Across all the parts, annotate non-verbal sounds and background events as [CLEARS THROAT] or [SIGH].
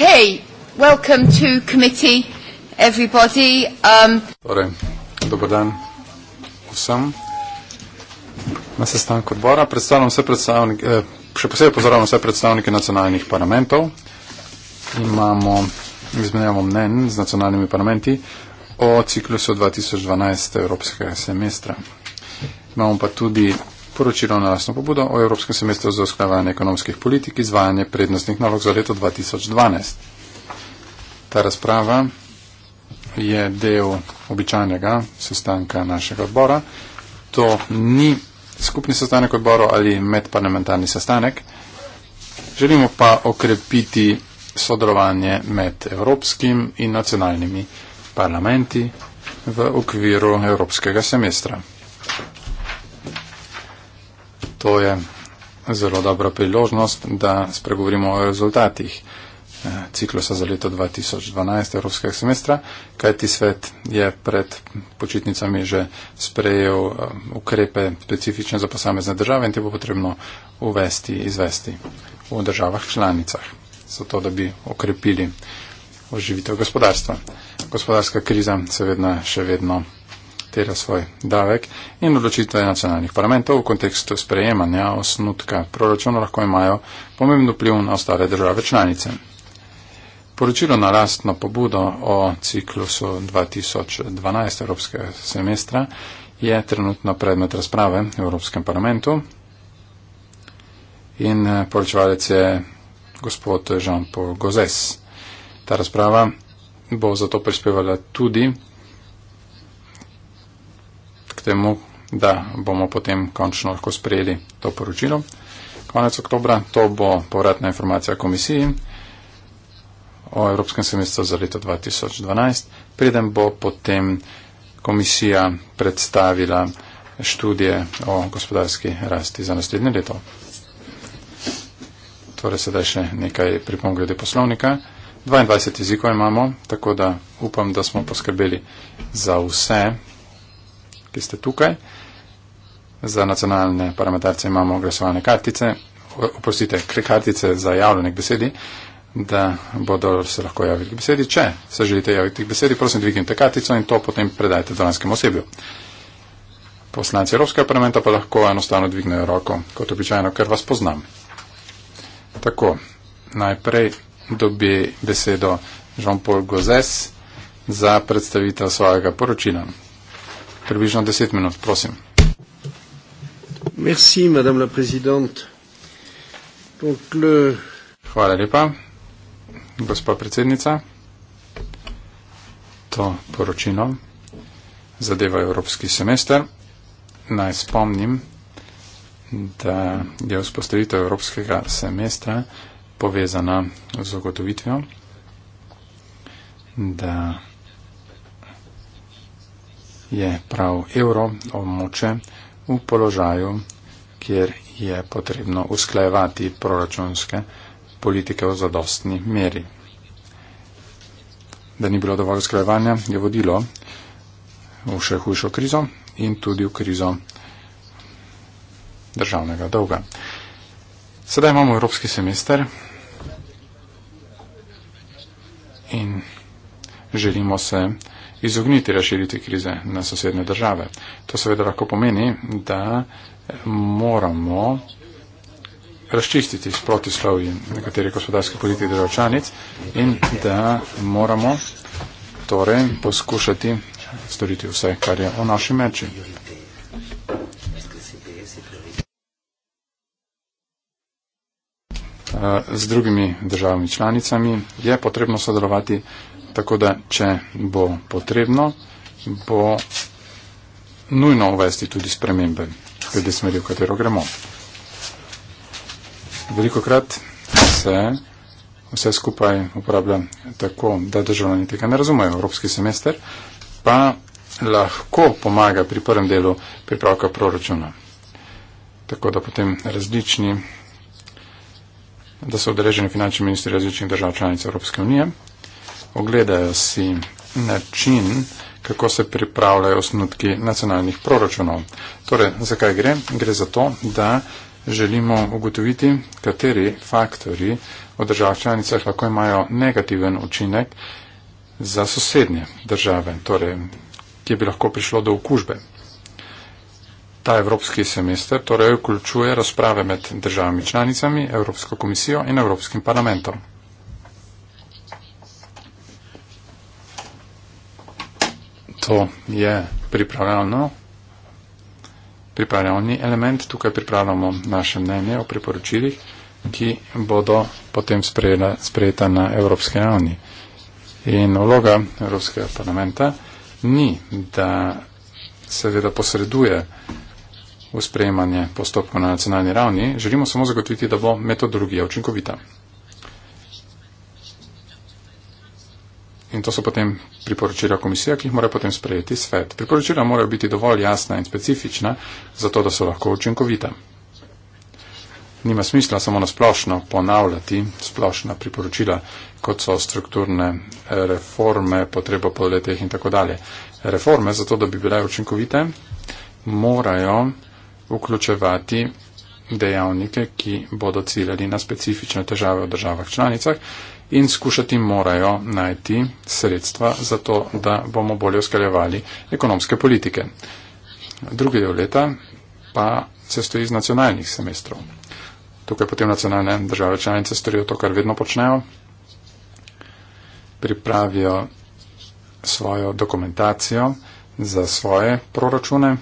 Okay, welcome to committee, everybody. Um, torej, dober dan vsem. Na sestanku odbora predstavljam vse predstavnike, eh, še posebej pozdravljam vse predstavnike nacionalnih parlamentov. Imamo, izmenjamo mnen z nacionalnimi parlamenti o ciklusu 2012 evropskega semestra. Imamo pa tudi poročilo na lasno pobudo o Evropskem semestru za usklajevanje ekonomskih politik in izvajanje prednostnih nalog za leto 2012. Ta razprava je del običajnega sestanka našega odbora. To ni skupni sestanek odboro ali medparlamentarni sestanek. Želimo pa okrepiti sodelovanje med evropskim in nacionalnimi parlamenti v okviru evropskega semestra to je zelo dobra priložnost, da spregovorimo o rezultatih eh, ciklusa za leto 2012 Evropskega semestra, kajti svet je pred počitnicami že sprejel eh, ukrepe specifične za posamezne države in te bo potrebno uvesti, izvesti v državah članicah, zato da bi okrepili oživitev gospodarstva. Gospodarska kriza se vedno še vedno terja svoj davek in odločitve nacionalnih parlamentov v kontekstu sprejemanja osnutka proračuna lahko imajo pomembno vpliv na ostale države članice. Poročilo na lastno pobudo o ciklusu 2012 Evropskega semestra je trenutno predmet razprave v Evropskem parlamentu in eh, poročevalec je gospod Jean-Paul Gozes. Ta razprava bo zato prispevala tudi k temu, da bomo potem končno lahko sprejeli to poročilo. Konec oktobra to bo povratna informacija komisiji o Evropskem semestru za leto 2012. Preden bo potem komisija predstavila študije o gospodarski rasti za naslednje leto. Torej sedaj še nekaj pripom glede poslovnika. 22 jezikov imamo, tako da upam, da smo poskrbeli za vse ki ste tukaj. Za nacionalne parlamentarce imamo glasovane kartice, oprostite, kartice za javljanje k besedi, da bodo se lahko javili k besedi. Če se želite javiti k besedi, prosim, dvignite kartico in to potem predajte dolanskemu osebju. Poslanci Evropskega parlamenta pa lahko enostavno dvignejo roko, kot običajno, ker vas poznam. Tako, najprej dobi besedo Jean-Paul Gozes za predstavitev svojega poročila približno deset minut. Prosim. Merci, Donc, le... Hvala lepa, gospod predsednica. To poročilo zadeva evropski semester. Naj spomnim, da je vzpostavitev evropskega semestra povezana z ugotovitvijo, da je prav evro območje v položaju, kjer je potrebno usklajevati proračunske politike v zadostni meri. Da ni bilo dovolj usklajevanja, je vodilo v še hujšo krizo in tudi v krizo državnega dolga. Sedaj imamo evropski semester in želimo se izogniti raširiti krize na sosednje države. To seveda lahko pomeni, da moramo razčistiti s protislovji nekaterih gospodarskih politik držav članic in da moramo torej poskušati storiti vse, kar je v naši meči. Eh, z drugimi državami članicami je potrebno sodelovati tako da če bo potrebno, bo nujno uvesti tudi spremembe glede smeri, v katero gremo. Veliko krat se vse skupaj uporablja tako, da državljani tega ne razumejo. Evropski semester pa lahko pomaga pri prvem delu pripravka proračuna. Tako da potem različni, da so odreženi finančni ministri različnih držav članic Evropske unije, ogledajo si način, kako se pripravljajo osnutki nacionalnih proračunov. Torej, zakaj gre? Gre za to, da želimo ugotoviti, kateri faktori v državah članicah lahko imajo negativen učinek za sosednje države, torej, kje bi lahko prišlo do okužbe. Ta evropski semester torej vključuje razprave med državami članicami, Evropsko komisijo in Evropskim parlamentom. to je pripravljalno, pripravljalni element. Tukaj pripravljamo naše mnenje o priporočilih, ki bodo potem sprejela, sprejeta na evropske ravni. In vloga Evropskega parlamenta ni, da seveda posreduje v sprejemanje postopkov na nacionalni ravni, želimo samo zagotoviti, da bo metodologija učinkovita. In to so potem priporočila komisije, ki jih mora potem sprejeti svet. Priporočila morajo biti dovolj jasna in specifična, zato da so lahko učinkovita. Nima smisla samo na splošno ponavljati splošna priporočila, kot so strukturne reforme, potrebo po letih in tako dalje. Reforme, zato da bi bile učinkovite, morajo vključevati dejavnike, ki bodo ciljali na specifične težave v državah članicah in skušati morajo najti sredstva za to, da bomo bolje oskaljevali ekonomske politike. Drugi del leta pa se stoji iz nacionalnih semestrov. Tukaj potem nacionalne države članice storijo to, kar vedno počnejo. Pripravijo svojo dokumentacijo za svoje proračune.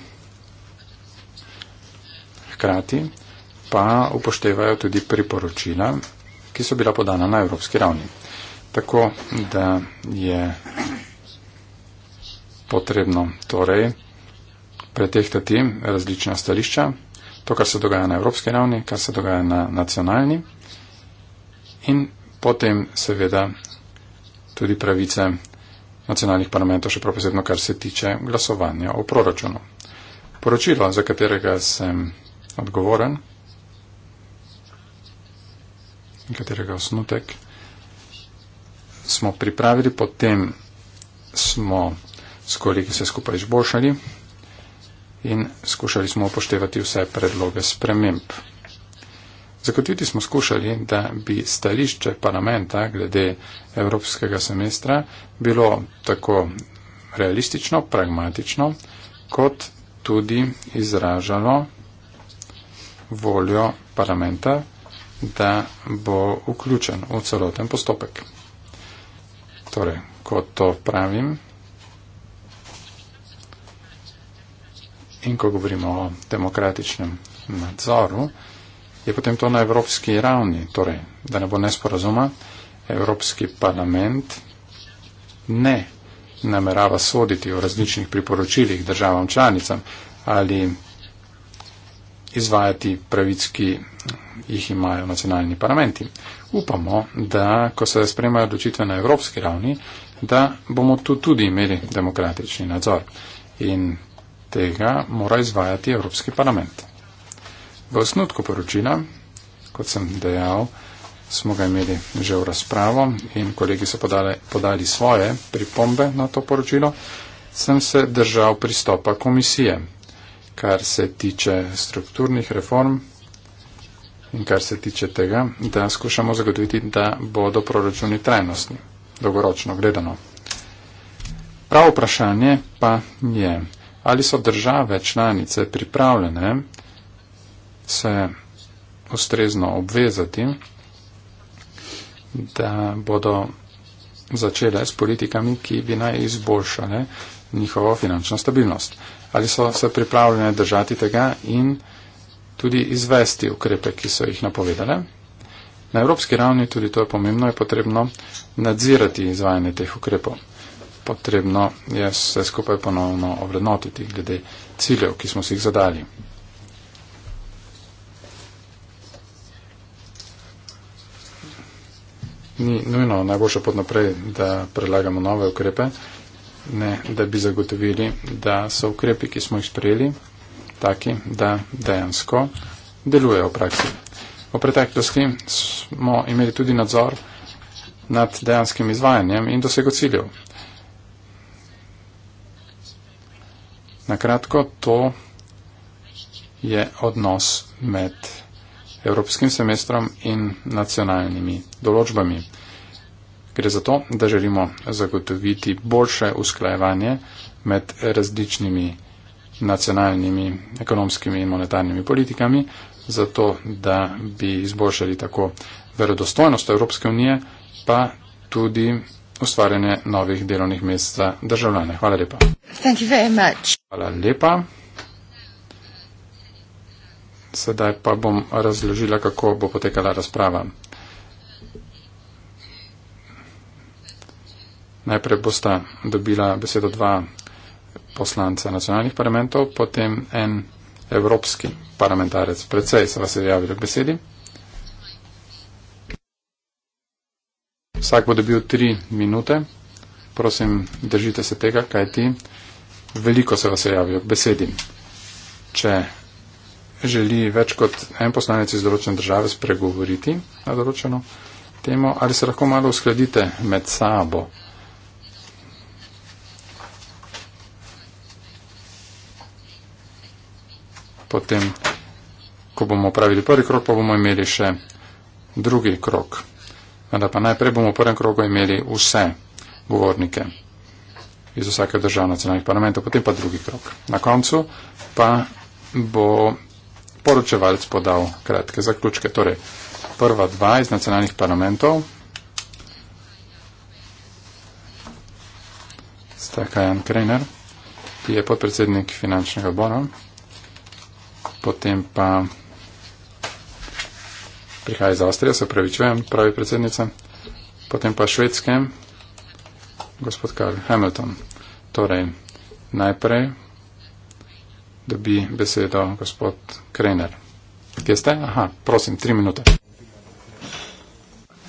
Hkrati pa upoštevajo tudi priporočila ki so bila podana na evropski ravni. Tako da je potrebno torej pretehtati različna stališča, to, kar se dogaja na evropski ravni, kar se dogaja na nacionalni in potem seveda tudi pravice nacionalnih parlamentov, še proposedno, kar se tiče glasovanja o proračunu. Poročilo, za katerega sem odgovoren, katerega osnutek smo pripravili, potem smo s kolegi se skupaj izboljšali in skušali smo upoštevati vse predloge sprememb. Zakotiti smo skušali, da bi stališče parlamenta glede evropskega semestra bilo tako realistično, pragmatično, kot tudi izražalo voljo parlamenta da bo vključen v celoten postopek. Torej, ko to pravim in ko govorimo o demokratičnem nadzoru, je potem to na evropski ravni. Torej, da ne bo nesporazuma, Evropski parlament ne namerava soditi o različnih priporočilih državam članicam ali izvajati pravic, ki jih imajo nacionalni parlamenti. Upamo, da ko se spremajo odločitve na evropski ravni, da bomo tu tudi imeli demokratični nadzor in tega mora izvajati Evropski parlament. V osnutku poročila, kot sem dejal, smo ga imeli že v razpravo in kolegi so podali, podali svoje pripombe na to poročilo, sem se držal pristopa komisije kar se tiče strukturnih reform in kar se tiče tega, da skušamo zagotoviti, da bodo proračuni trajnostni, dolgoročno gledano. Pravo vprašanje pa je, ali so države članice pripravljene se ustrezno obvezati, da bodo začele s politikami, ki bi naj izboljšale njihovo finančno stabilnost ali so se pripravljene držati tega in tudi izvesti ukrepe, ki so jih napovedale. Na evropski ravni tudi to je pomembno, je potrebno nadzirati izvajanje teh ukrepov. Potrebno je vse skupaj ponovno ovrednotiti glede ciljev, ki smo si jih zadali. Ni nujno najboljša pot naprej, da predlagamo nove ukrepe ne, da bi zagotovili, da so ukrepi, ki smo jih sprejeli, taki, da dejansko delujejo v praksi. V preteklosti smo imeli tudi nadzor nad dejanskim izvajanjem in dosego ciljev. Nakratko, to je odnos med evropskim semestrom in nacionalnimi določbami. Gre za to, da želimo zagotoviti boljše usklajevanje med različnimi nacionalnimi ekonomskimi in monetarnimi politikami, zato da bi izboljšali tako verodostojnost Evropske unije, pa tudi ustvarjanje novih delovnih mest za državljane. Hvala lepa. Hvala lepa. Sedaj pa bom razložila, kako bo potekala razprava. Najprej bosta dobila besedo dva poslanca nacionalnih parlamentov, potem en evropski parlamentarec. Predvsej se vas je javil k besedi. Vsak bo dobil tri minute. Prosim, držite se tega, kaj ti. Veliko se vas je javil k besedi. Če želi več kot en poslanec iz določene države spregovoriti na določeno temo, ali se lahko malo uskladite med sabo. potem, ko bomo pravili prvi krok, pa bomo imeli še drugi krok. Vendar pa najprej bomo v prvem krogu imeli vse govornike iz vsake države nacionalnih parlamentov, potem pa drugi krok. Na koncu pa bo poročevalc podal kratke zaključke. Torej, prva dva iz nacionalnih parlamentov, Staka Jan Krener, ki je podpredsednik finančnega odbora potem pa prihaja iz Avstrije, se pravičujem, pravi predsednica, potem pa švedske, gospod Karl Hamilton. Torej, najprej dobi besedo gospod Krener. Kje ste? Aha, prosim, tri minute.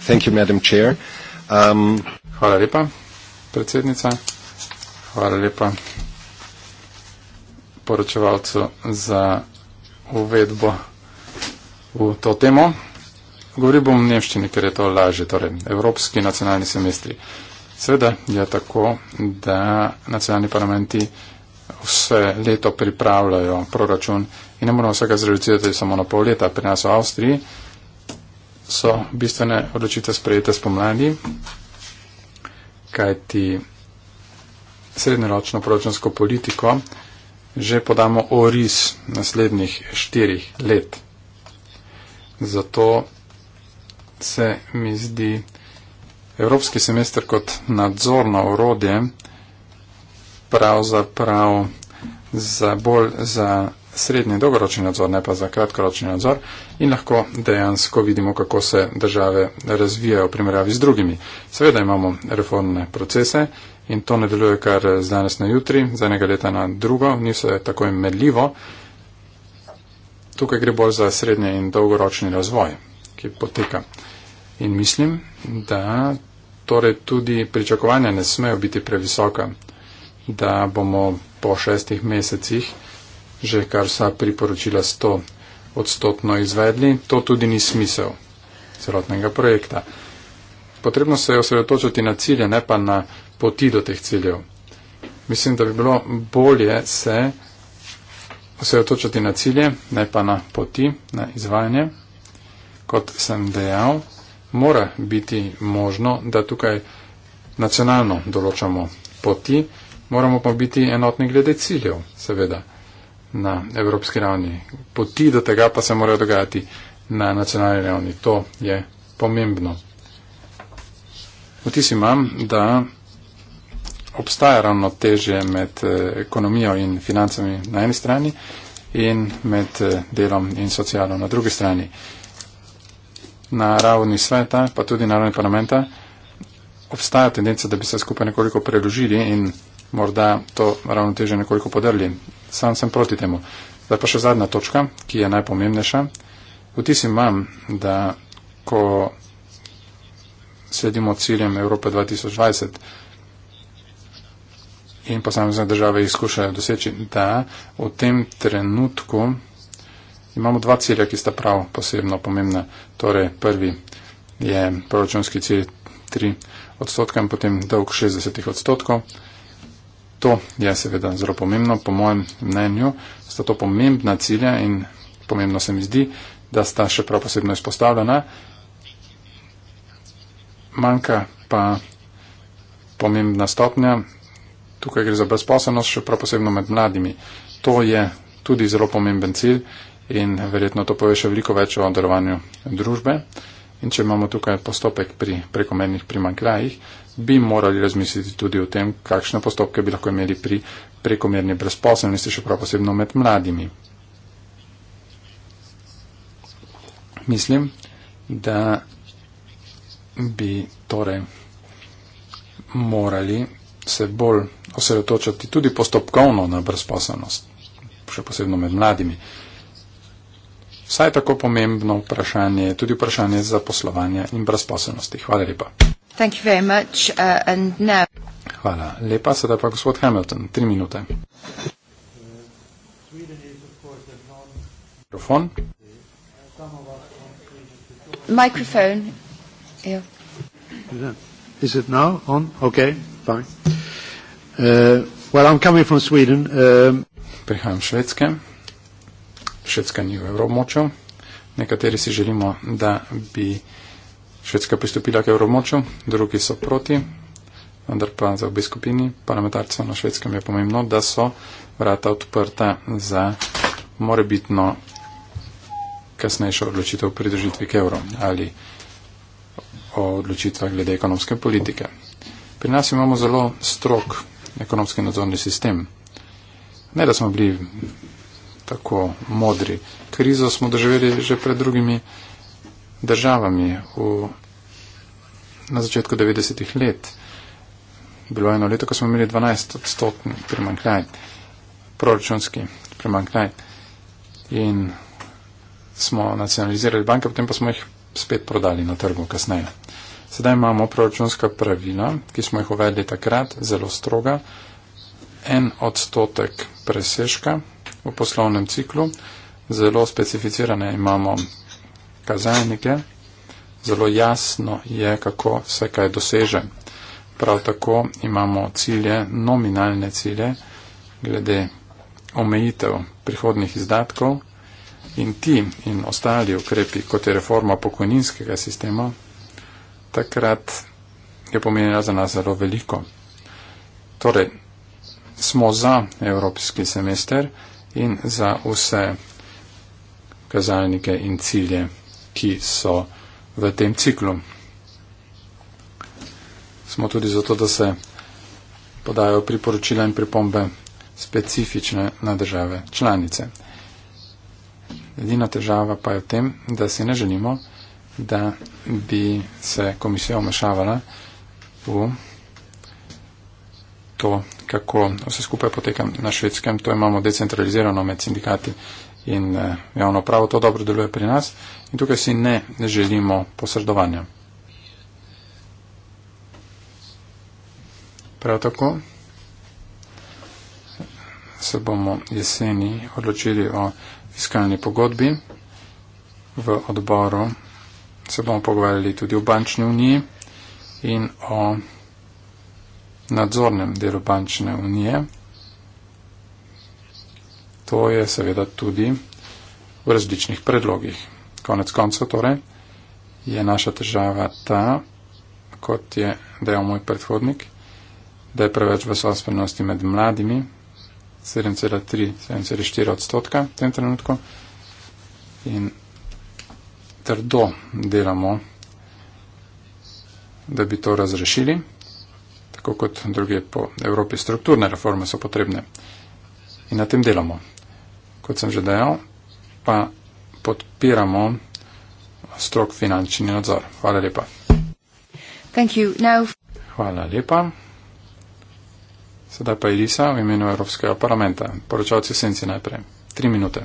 Thank you, madam chair. Um... Hvala lepa, predsednica. Hvala lepa poročevalcu za uvedbo v to temo. Govoril bom v nemščini, ker je to lažje, torej evropski nacionalni semestri. Sveda je tako, da nacionalni parlamenti vse leto pripravljajo proračun in ne moramo vsega zreducirati samo na pol leta. Pri nas v Avstriji so bistvene odločitve sprejete spomladi, kajti srednjeročno proračunsko politiko že podamo oris naslednjih štirih let. Zato se mi zdi evropski semester kot nadzorno urodje pravzaprav za bolj za srednji dolgoročni nadzor, ne pa za kratkoročni nadzor in lahko dejansko vidimo, kako se države razvijajo v primerjavi z drugimi. Seveda imamo reformne procese, in to ne deluje kar eh, z danes na jutri, z enega leta na drugo, ni vse tako medljivo. Tukaj gre bolj za srednje in dolgoročni razvoj, ki poteka. In mislim, da torej tudi pričakovanja ne smejo biti previsoka, da bomo po šestih mesecih že kar vsa priporočila 100 odstotno izvedli. To tudi ni smisel celotnega projekta potrebno se je osredotočiti na cilje, ne pa na poti do teh ciljev. Mislim, da bi bilo bolje se osredotočiti na cilje, ne pa na poti, na izvajanje. Kot sem dejal, mora biti možno, da tukaj nacionalno določamo poti, moramo pa biti enotni glede ciljev, seveda, na evropski ravni. Poti do tega pa se morajo dogajati na nacionalni ravni. To je pomembno. Vtis imam, da obstaja ravno teže med eh, ekonomijo in financami na eni strani in med eh, delom in socialno na drugi strani. Na ravni sveta, pa tudi na ravni parlamenta, obstaja tendenca, da bi se skupaj nekoliko preložili in morda to ravno teže nekoliko podrli. Sam sem proti temu. Zdaj pa še zadnja točka, ki je najpomembnejša. Vtis imam, da ko sledimo ciljem Evrope 2020 in posamezne države izkušajo doseči, da v tem trenutku imamo dva cilja, ki sta prav posebno pomembna. Torej, prvi je proračunski cilj 3 odstotka in potem dolg 60 odstotkov. To je seveda zelo pomembno, po mojem mnenju sta to pomembna cilja in pomembno se mi zdi, da sta še prav posebno izpostavljena manjka pa pomembna stopnja. Tukaj gre za brezposobnost, še prav posebno med mladimi. To je tudi zelo pomemben cilj in verjetno to pove še veliko več o delovanju družbe. In če imamo tukaj postopek pri prekomernih primankljajih, bi morali razmisliti tudi o tem, kakšne postopke bi lahko imeli pri prekomerni brezposobnosti, še prav posebno med mladimi. Mislim, da bi torej morali se bolj osredotočati tudi postopkovno na brezposobnost, še posebno med mladimi. Vsaj tako pomembno vprašanje je tudi vprašanje zaposlovanja in brezposobnosti. Hvala lepa. Much, uh, Hvala lepa, sedaj pa gospod Hamilton, tri minute. Mikrofon. Mikrofon. Ja. Is it now on? Okay, fine. Uh, well, I'm coming from Sweden. Um, Prihajam Švedske. Švedska ni v Evropmočju. Nekateri si želimo, da bi Švedska pristopila k Evropmočju, drugi so proti, vendar pa za obe skupini parlamentarcev na Švedskem je pomembno, da so vrata odprta za morebitno kasnejšo odločitev pridružitvi k Evropi o odločitvah glede ekonomske politike. Pri nas imamo zelo strok ekonomski nadzorni sistem. Ne, da smo bili tako modri. Krizo smo doživeli že pred drugimi državami v, na začetku 90-ih let. Bilo je eno leto, ko smo imeli 12 odstotni primankljaj, proračunski primankljaj. In smo nacionalizirali banke, potem pa smo jih spet prodali na trgu kasneje. Sedaj imamo proračunska pravila, ki smo jih uvedli takrat, zelo stroga. En odstotek preseška v poslovnem ciklu, zelo specificirane imamo kazalnike, zelo jasno je, kako se kaj doseže. Prav tako imamo cilje, nominalne cilje, glede omejitev prihodnih izdatkov in ti in ostali ukrepi, kot je reforma pokojninskega sistema, takrat je pomenila za nas zelo veliko. Torej, smo za evropski semester in za vse kazalnike in cilje, ki so v tem ciklu. Smo tudi zato, da se podajo priporočila in pripombe specifične na države članice. Edina težava pa je v tem, da si ne želimo, da bi se komisija omešavala v to, kako vse skupaj poteka na švedskem. To imamo decentralizirano med sindikati in eh, javno pravo. To dobro deluje pri nas in tukaj si ne želimo posredovanja. Prav tako se bomo jeseni odločili o iskalni pogodbi, v odboru se bomo pogovarjali tudi o bančni uniji in o nadzornem delu bančne unije. To je seveda tudi v različnih predlogih. Konec koncev torej je naša težava ta, kot je dejal moj predhodnik, da je preveč vesolstvenosti med mladimi 7,3, 7,4 odstotka v tem trenutku in trdo delamo, da bi to razrešili, tako kot druge po Evropi strukturne reforme so potrebne in na tem delamo. Kot sem že dejal, pa podpiramo strok finančni nadzor. Hvala lepa. Thank you. Now... Hvala lepa. Sedaj pa Elisa v imenu Evropskega parlamenta. Poročalci senci najprej. Tri minute.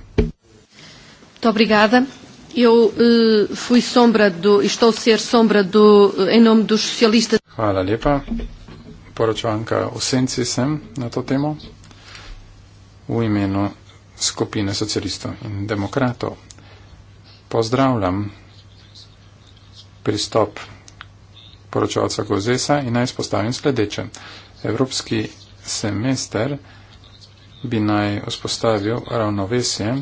Dobrigada. Eu uh, fui sombra do, estou a ser sombra do, uh, eh, em nome dos socialistas. Hvala lepa. Poročanka o senci sem na to temo v imenu skupine socialistov in demokratov. Pozdravljam pristop poročalca Gozesa in naj izpostavim sledeče. Evropski semester bi naj vzpostavil ravnovesje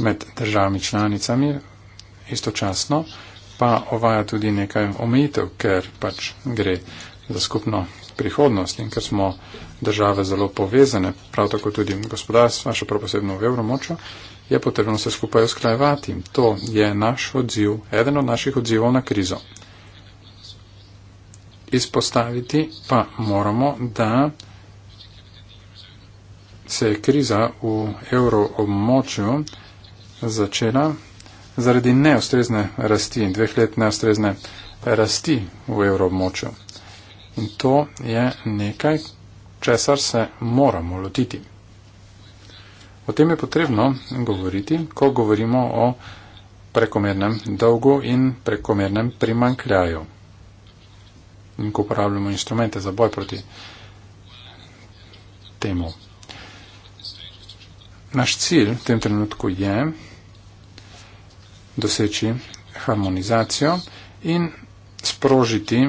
med državami članicami istočasno, pa ovaja tudi nekaj omejitev, ker pač gre za skupno prihodnost in ker smo države zelo povezane, prav tako tudi gospodarstvo, še prav posebno v evromočo, je potrebno se skupaj usklajevati. To je naš odziv, eden od naših odzivov na krizo. Izpostaviti pa moramo, da se je kriza v euroobmočju začela zaradi neustrezne rasti, dveh let neustrezne rasti v euroobmočju. In to je nekaj, česar se moramo lotiti. O tem je potrebno govoriti, ko govorimo o prekomernem dolgu in prekomernem primankljaju in ko uporabljamo instrumente za boj proti temu. Naš cilj v tem trenutku je doseči harmonizacijo in sprožiti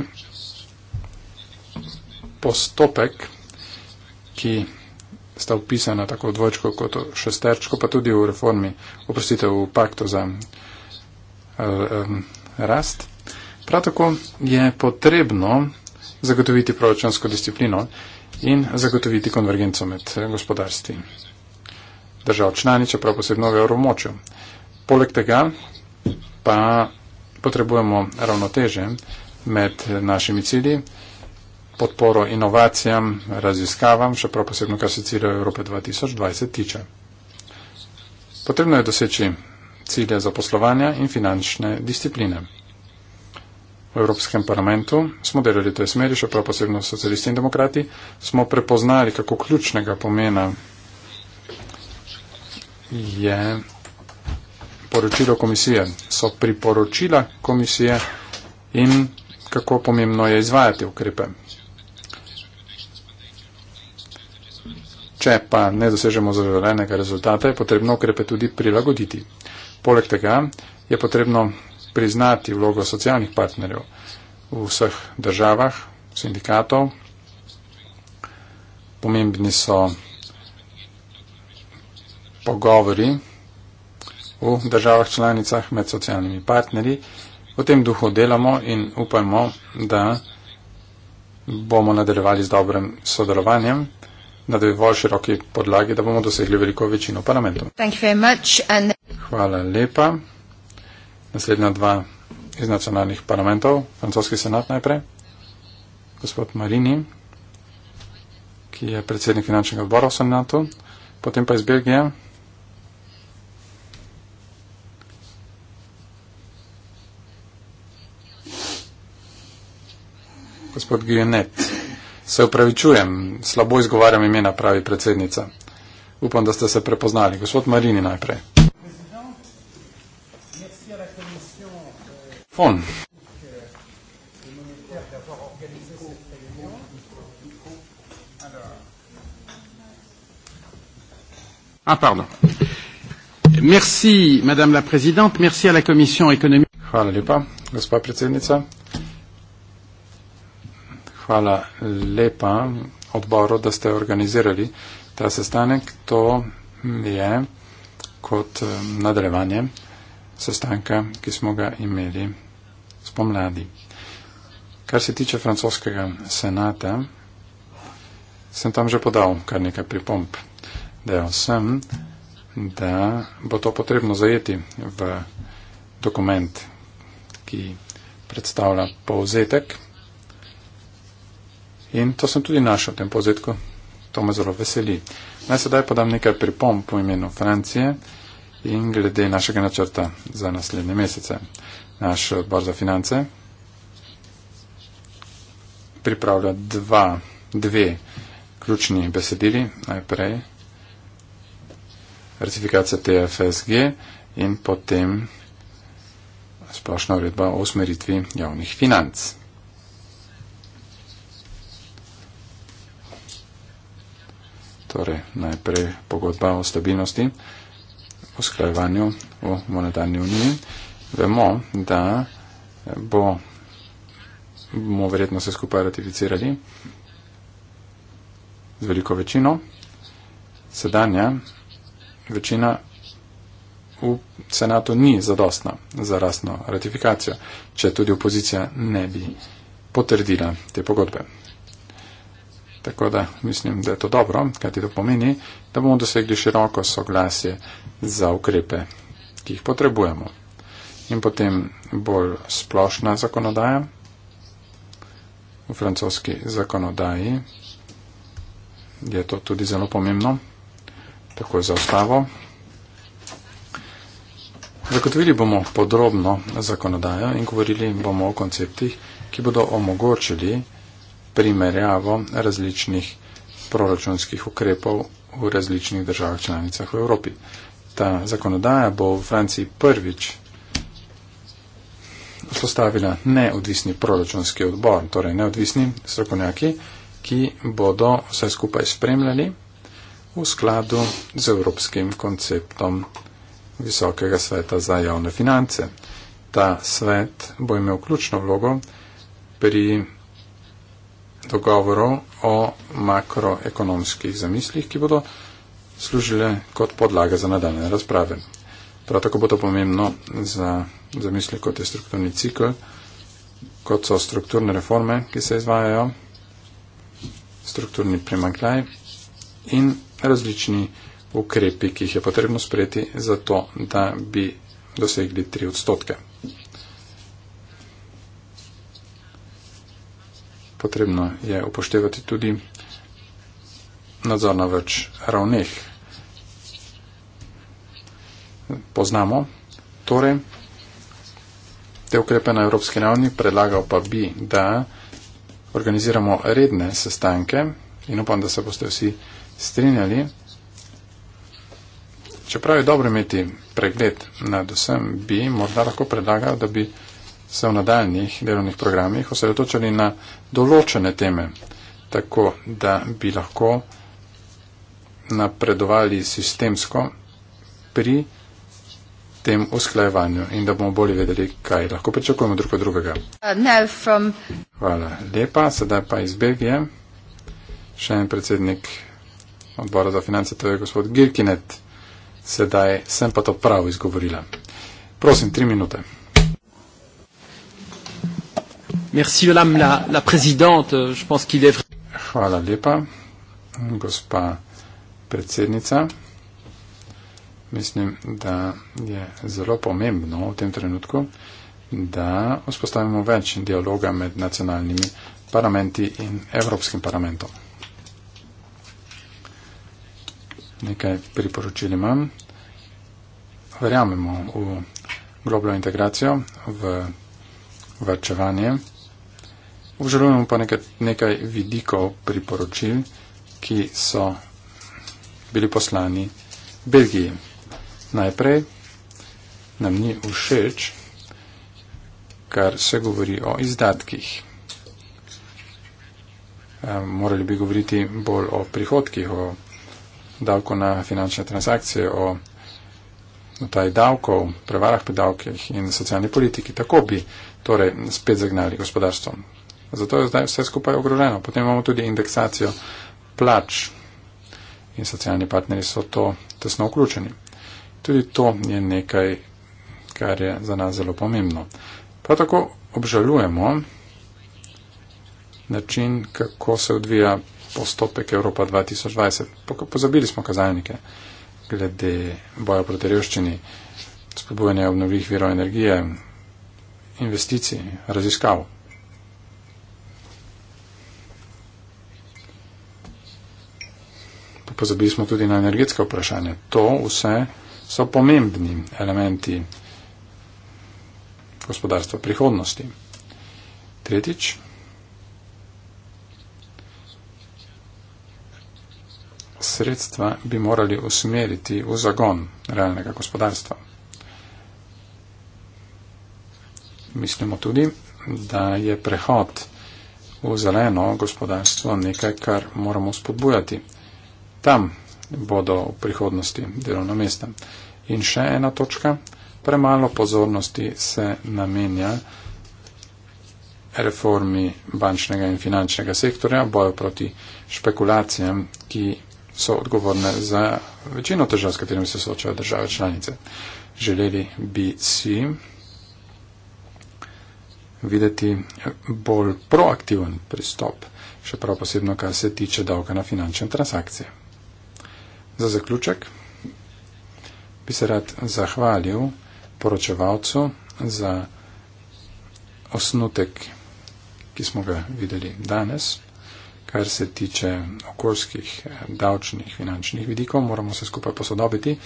postopek, ki sta upisana tako v dvojčko kot v šesterčko, pa tudi v reformi, oprostite, v paktu za uh, um, rast. Prav tako je potrebno zagotoviti proračunsko disciplino in zagotoviti konvergenco med eh, gospodarstvi držav članice, prav posebno v evromočju. Poleg tega pa potrebujemo ravnoteže med eh, našimi cilji, podporo inovacijam, raziskavam, še prav posebno, kar se cilja Evrope 2020 tiče. Potrebno je doseči cilje zaposlovanja in finančne discipline v Evropskem parlamentu, smo delali v tej smeri, še prav posebno socialisti in demokrati, smo prepoznali, kako ključnega pomena je poročilo komisije, so priporočila komisije in kako pomembno je izvajati ukrepe. Če pa ne dosežemo zaželenega rezultata, je potrebno ukrepe tudi prilagoditi. Poleg tega je potrebno priznati vlogo socialnih partnerjev v vseh državah, sindikatov. Pomembni so pogovori v državah članicah med socialnimi partnerji. V tem duhu delamo in upajmo, da bomo nadaljevali z dobrem sodelovanjem na dovolj široki podlagi, da bomo dosegli veliko večino parlamentu. Hvala lepa naslednja dva iz nacionalnih parlamentov, francoski senat najprej, gospod Marini, ki je predsednik finančnega odbora v senatu, potem pa iz Belgije, gospod Guionet. Se upravičujem, slabo izgovarjam imena, pravi predsednica. Upam, da ste se prepoznali. Gospod Marini najprej. Fon. Ah, pardon. Merci, Madame la Présidente. Merci à la Commission économique. Hvala lepa, gospa predsednica. Hvala lepa odboru, da ste organizirali ta sestanek. To je kot eh, nadaljevanje sestanka, ki smo ga imeli spomladi. Kar se tiče francoskega senata, sem tam že podal kar nekaj pripomp. Dejal sem, da bo to potrebno zajeti v dokument, ki predstavlja povzetek. In to sem tudi našel v tem povzetku. To me zelo veseli. Naj sedaj podam nekaj pripomp po imenu Francije in glede našega načrta za naslednje mesece naš odbor za finance pripravlja dva, dve ključni besedili, najprej ratifikacija TFSG in potem splošna uredba o usmeritvi javnih financ. Torej, najprej pogodba o stabilnosti, o sklajevanju v monetarni uniji vemo, da bo, bomo verjetno se skupaj ratificirali z veliko večino. Sedanja večina v senatu ni zadostna za rasno ratifikacijo, če tudi opozicija ne bi potrdila te pogodbe. Tako da mislim, da je to dobro, kaj ti to pomeni, da bomo dosegli široko soglasje za ukrepe, ki jih potrebujemo in potem bolj splošna zakonodaja. V francoski zakonodaji je to tudi zelo pomembno, tako je za ustavo. Zagotovili bomo podrobno zakonodajo in govorili bomo o konceptih, ki bodo omogočili primerjavo različnih proračunskih ukrepov v različnih državah članicah v Evropi. Ta zakonodaja bo v Franciji prvič vzpostavila neodvisni proračunski odbor, torej neodvisni strokovnjaki, ki bodo vse skupaj spremljali v skladu z evropskim konceptom Visokega sveta za javne finance. Ta svet bo imel ključno vlogo pri dogovoru o makroekonomskih zamislih, ki bodo služile kot podlaga za nadaljne razprave. Prav tako bo to pomembno za zamisli kot je strukturni cikl, kot so strukturne reforme, ki se izvajajo, strukturni primankljaj in različni ukrepi, ki jih je potrebno sprejeti za to, da bi dosegli tri odstotke. Potrebno je upoštevati tudi nadzor na več ravneh poznamo. Torej, te ukrepe na evropski ravni predlagal pa bi, da organiziramo redne sestanke in upam, da se boste vsi strinjali. Čeprav je dobro imeti pregled nad vsem, bi morda lahko predlagal, da bi se v nadaljnih delovnih programih osredotočili na določene teme, tako da bi lahko napredovali sistemsko pri tem usklajevanju in da bomo bolje vedeli, kaj lahko pričakujemo drug od drugega. Uh, Hvala lepa. Sedaj pa iz Belgije. Še en predsednik odbora za finance, to je gospod Girkinet. Sedaj sem pa to prav izgovorila. Prosim, tri minute. Merci, madame la, la présidente. Je pense qu'il est. Hvala lepa, gospa predsednica mislim, da je zelo pomembno v tem trenutku, da vzpostavimo več dialoga med nacionalnimi parlamenti in Evropskim parlamentom. Nekaj priporočili imam. Verjamemo v globljo integracijo, v vrčevanje. Obžalujemo pa nekaj, nekaj vidikov priporočil, ki so bili poslani Belgiji. Najprej nam ni všeč, kar se govori o izdatkih. Morali bi govoriti bolj o prihodkih, o davku na finančne transakcije, o taj davkov, prevarah pri davkih in socialni politiki. Tako bi torej spet zagnali gospodarstvo. Zato je zdaj vse skupaj ogroženo. Potem imamo tudi indeksacijo plač in socialni partneri so to tesno vključeni. Tudi to je nekaj, kar je za nas zelo pomembno. Prav tako obžalujemo način, kako se odvija postopek Evropa 2020. Pozabili smo kazalnike glede boja proti revščini, spodbujanja obnovljivih virov energije, investicij, raziskav. Pozabili smo tudi na energetske vprašanja. To vse so pomembni elementi gospodarstva prihodnosti. Tretjič, sredstva bi morali usmeriti v zagon realnega gospodarstva. Mislimo tudi, da je prehod v zeleno gospodarstvo nekaj, kar moramo spodbujati. Tam bodo v prihodnosti delovna mesta. In še ena točka. Premalo pozornosti se namenja reformi bančnega in finančnega sektorja, boju proti špekulacijam, ki so odgovorne za večino težav, s katerimi se soočajo države članice. Želeli bi si videti bolj proaktiven pristop, še prav posebno, kar se tiče davka na finančne transakcije. Za zaključek bi se rad zahvalil poročevalcu za osnutek, ki smo ga videli danes, kar se tiče okoljskih, davčnih, finančnih vidikov. Moramo se skupaj posodobiti,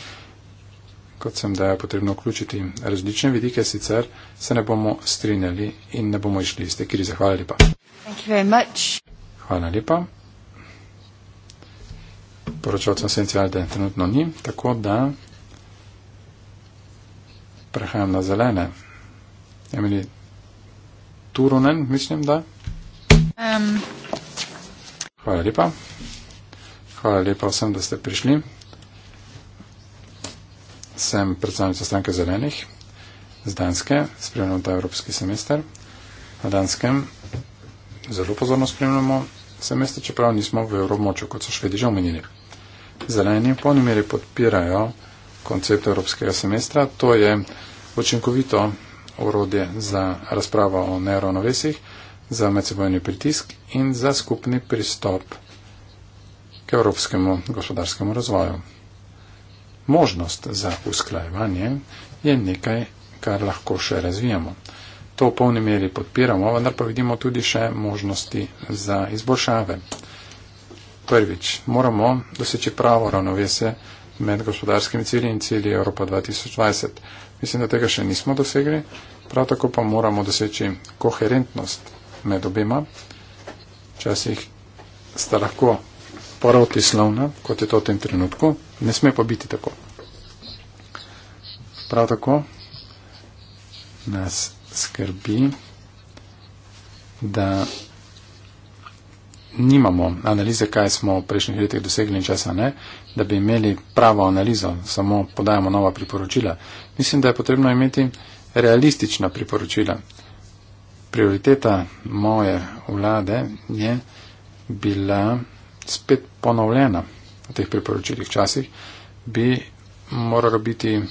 kot sem da je potrebno vključiti različne vidike, sicer se ne bomo strinjali in ne bomo išli iz te krize. Hvala lepa. Hvala lepa poročalca Sencialde trenutno ni, tako da prehajam na zelene. Emily Turunen, mislim, da. Um. Hvala lepa. Hvala lepa vsem, da ste prišli. Sem predstavnica stranke zelenih z Danske, spremljamo ta evropski semester. Na Danskem zelo pozorno spremljamo semester, čeprav nismo v evromočju, kot so švedi že omenili zeleni v polni meri podpirajo koncept evropskega semestra. To je učinkovito urodje za razpravo o neuronovesih, za medsebojni pritisk in za skupni pristop k evropskemu gospodarskemu razvoju. Možnost za usklajevanje je nekaj, kar lahko še razvijamo. To v polni meri podpiramo, vendar pa vidimo tudi še možnosti za izboljšave prvič, moramo doseči pravo ravnovese med gospodarskimi cilji in cilji Evropa 2020. Mislim, da tega še nismo dosegli, prav tako pa moramo doseči koherentnost med obima. Včasih sta lahko protislovna, kot je to v tem trenutku, ne sme pa biti tako. Prav tako nas skrbi, da nimamo analize, kaj smo v prejšnjih letih dosegli in česa ne, da bi imeli pravo analizo, samo podajamo nova priporočila. Mislim, da je potrebno imeti realistična priporočila. Prioriteta moje vlade je bila spet ponovljena v teh priporočilih časih, bi moralo biti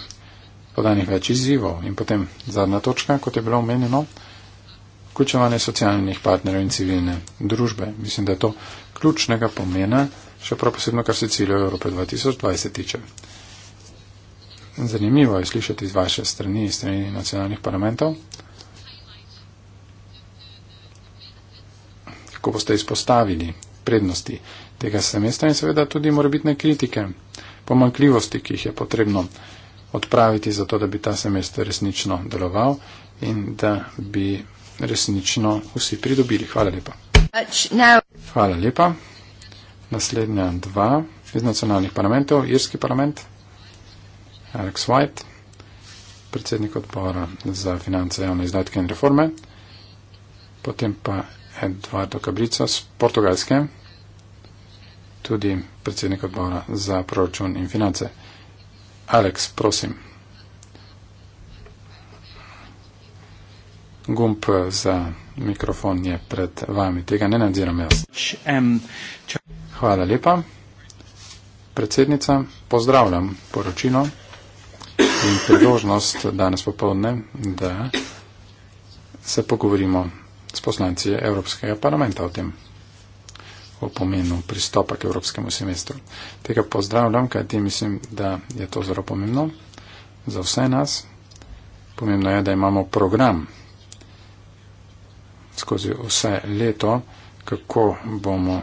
podanih več izzivov in potem zadnja točka, kot je bilo omenjeno. No? vključevanje socialnih partnerjev in civilne družbe. Mislim, da je to ključnega pomena, še prav posebno, kar se ciljo Evrope 2020 tiče. Zanimivo je slišati iz vaše strani, iz strani nacionalnih parlamentov, kako boste izpostavili prednosti tega semestra in seveda tudi morebitne kritike, pomankljivosti, ki jih je potrebno odpraviti, zato da bi ta semestr resnično deloval in da bi resnično vsi pridobili. Hvala lepa. Hvala lepa. Naslednja dva iz nacionalnih parlamentov. Irski parlament, Alex White, predsednik odbora za finance, javne izdatke in reforme. Potem pa Eduardo Cabrica z Portugalske, tudi predsednik odbora za proračun in finance. Alex, prosim. gumb za mikrofon je pred vami. Tega ne nadziram jaz. Hvala lepa. Predsednica, pozdravljam poročino in priložnost danes popovdne, da se pogovorimo s poslanci Evropskega parlamenta o tem o pomenu pristopa k evropskemu semestru. Tega pozdravljam, kajti mislim, da je to zelo pomembno za vse nas. Pomembno je, da imamo program skozi vse leto, kako bomo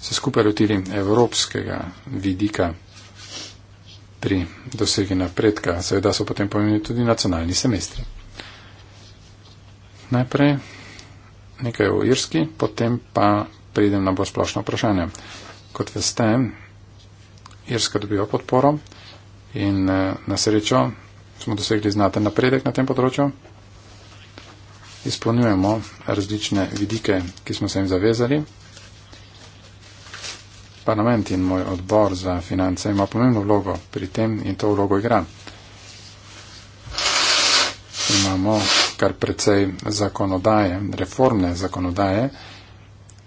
se skupaj lotili evropskega vidika pri dosegi napredka. Seveda so potem pomenili tudi nacionalni semestri. Najprej nekaj o Irski, potem pa pridem na bolj splošno vprašanje. Kot veste, Irska dobiva podporo in eh, na srečo smo dosegli znaten napredek na tem področju izpolnjujemo različne vidike, ki smo se jim zavezali. Parlament in moj odbor za finance ima pomembno vlogo pri tem in to vlogo igra. Imamo kar precej zakonodaje, reformne zakonodaje,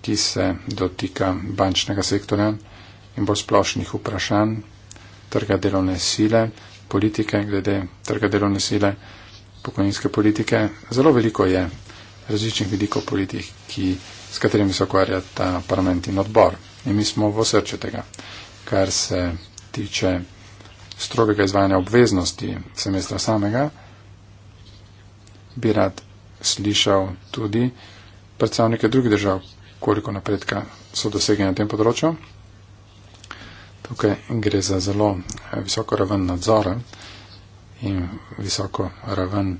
ki se dotika bančnega sektorja in bolj splošnih vprašanj trga delovne sile, politike glede trga delovne sile pokojninske politike. Zelo veliko je različnih vidikov politik, ki, s katerimi se okvarja ta parlament in odbor. In mi smo v srču tega, kar se tiče strogega izvajanja obveznosti semestra samega, bi rad slišal tudi predstavnike drugih držav, koliko napredka so dosegli na tem področju. Tukaj gre za zelo visoko raven nadzora in visoko raven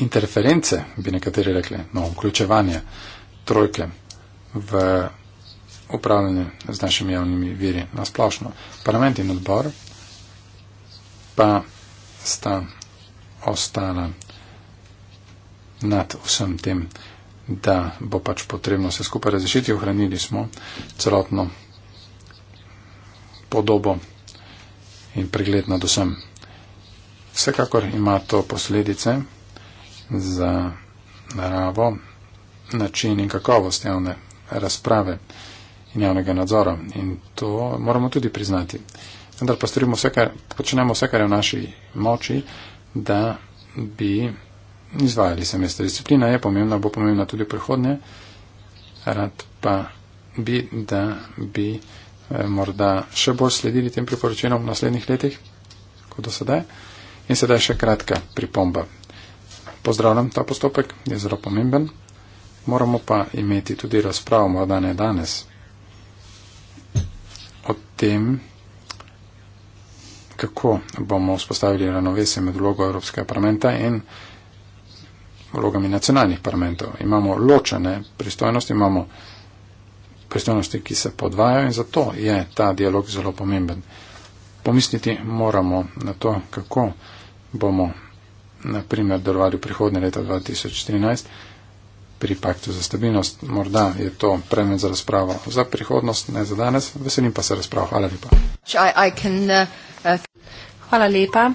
interference, bi nekateri rekli, no, vključevanja trojke v upravljanje z našimi javnimi viri na splošno. Parlament in odbor pa sta ostala nad vsem tem, da bo pač potrebno se skupaj razrešiti. Ohranili smo celotno podobo in pregled nad vsem. Vsekakor ima to posledice za naravo, način in kakovost javne razprave in javnega nadzora. In to moramo tudi priznati. Vendar pa storimo vse, kar počnemo, vse, kar je v naši moči, da bi izvajali semestr. Disciplina je pomembna, bo pomembna tudi v prihodnje. Rad pa bi, da bi eh, morda še bolj sledili tem priporočilom v naslednjih letih, kot do sedaj. In sedaj še kratka pripomba. Pozdravljam ta postopek, je zelo pomemben. Moramo pa imeti tudi razpravo, morda ne danes, o tem, kako bomo vzpostavili ravnovesje med vlogo Evropskega parlamenta in vlogami nacionalnih parlamentov. Imamo ločene pristojnosti, imamo pristojnosti, ki se podvajajo in zato je ta dialog zelo pomemben. Pomisliti moramo na to, kako bomo naprimer delovali prihodne leta 2013 pri paktu za stabilnost. Morda je to premen za razpravo za prihodnost, ne za danes. Veselim pa se razprav. Hvala lepa. Uh, uh, Hvala lepa.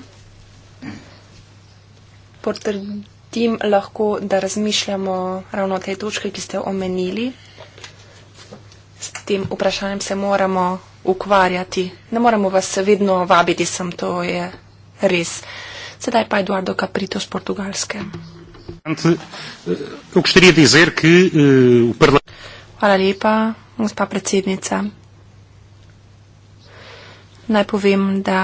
Potrdim lahko, da razmišljamo ravno o tej točki, ki ste omenili. S tem vprašanjem se moramo ukvarjati. Ne moramo vas vedno vabiti, sem to je res. Sedaj pa Eduardo Caprito z Portugalske. Eh, eh, Hvala lepa, gospa predsednica. Naj povem, da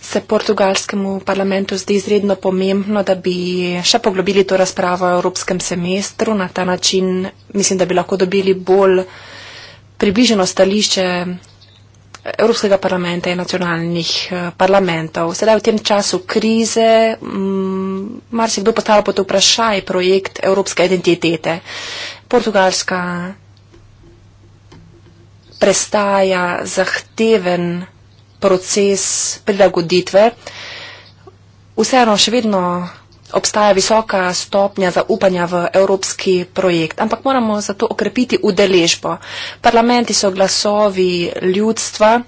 se portugalskemu parlamentu zdi izredno pomembno, da bi še poglobili to razpravo o evropskem semestru. Na ta način mislim, da bi lahko dobili bolj približeno stališče Evropskega parlamenta in nacionalnih eh, parlamentov. Sedaj v tem času krize mm, marsikdo postavlja pod vprašaj projekt evropske identitete. Portugalska prestaja zahteven proces prilagoditve. Vseeno še vedno obstaja visoka stopnja zaupanja v evropski projekt, ampak moramo zato okrepiti udeležbo. Parlamenti so glasovi ljudstva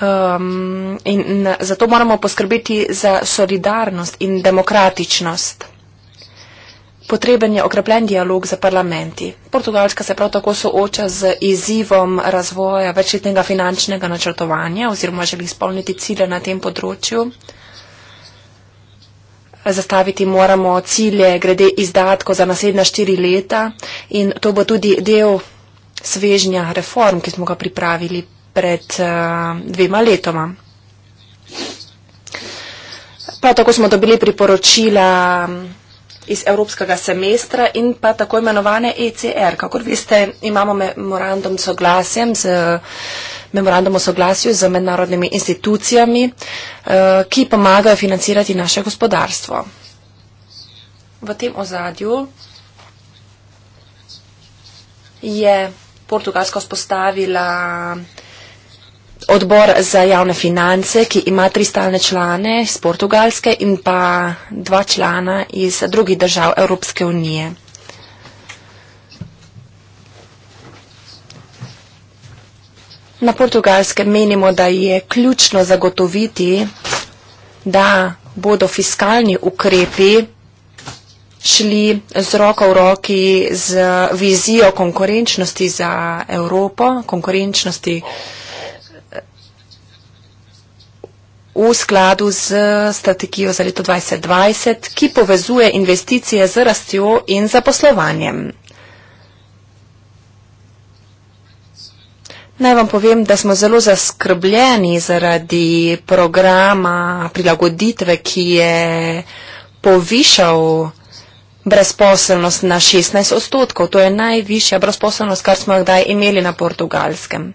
um, in zato moramo poskrbeti za solidarnost in demokratičnost. Potreben je okrepljen dialog za parlamenti. Portugalska se prav tako sooča z izzivom razvoja večletnega finančnega načrtovanja oziroma želi izpolniti cilje na tem področju zastaviti moramo cilje glede izdatkov za naslednja štiri leta in to bo tudi del svežnja reform, ki smo ga pripravili pred eh, dvema letoma. Prav tako smo dobili priporočila iz evropskega semestra in pa tako imenovane ECR. Kakor veste, imamo memorandum soglasjem z memorandum o soglasju z mednarodnimi institucijami, eh, ki pomagajo financirati naše gospodarstvo. V tem ozadju je Portugalska vzpostavila odbor za javne finance, ki ima tri stalne člane iz Portugalske in pa dva člana iz drugih držav Evropske unije. Na Portugalske menimo, da je ključno zagotoviti, da bodo fiskalni ukrepi šli z roko v roki z vizijo konkurenčnosti za Evropo, konkurenčnosti uh, v skladu z strategijo za leto 2020, ki povezuje investicije z rastjo in zaposlovanjem. Naj vam povem, da smo zelo zaskrbljeni zaradi programa prilagoditve, ki je povišal brezposelnost na 16 odstotkov. To je najvišja brezposelnost, kar smo kdaj imeli na portugalskem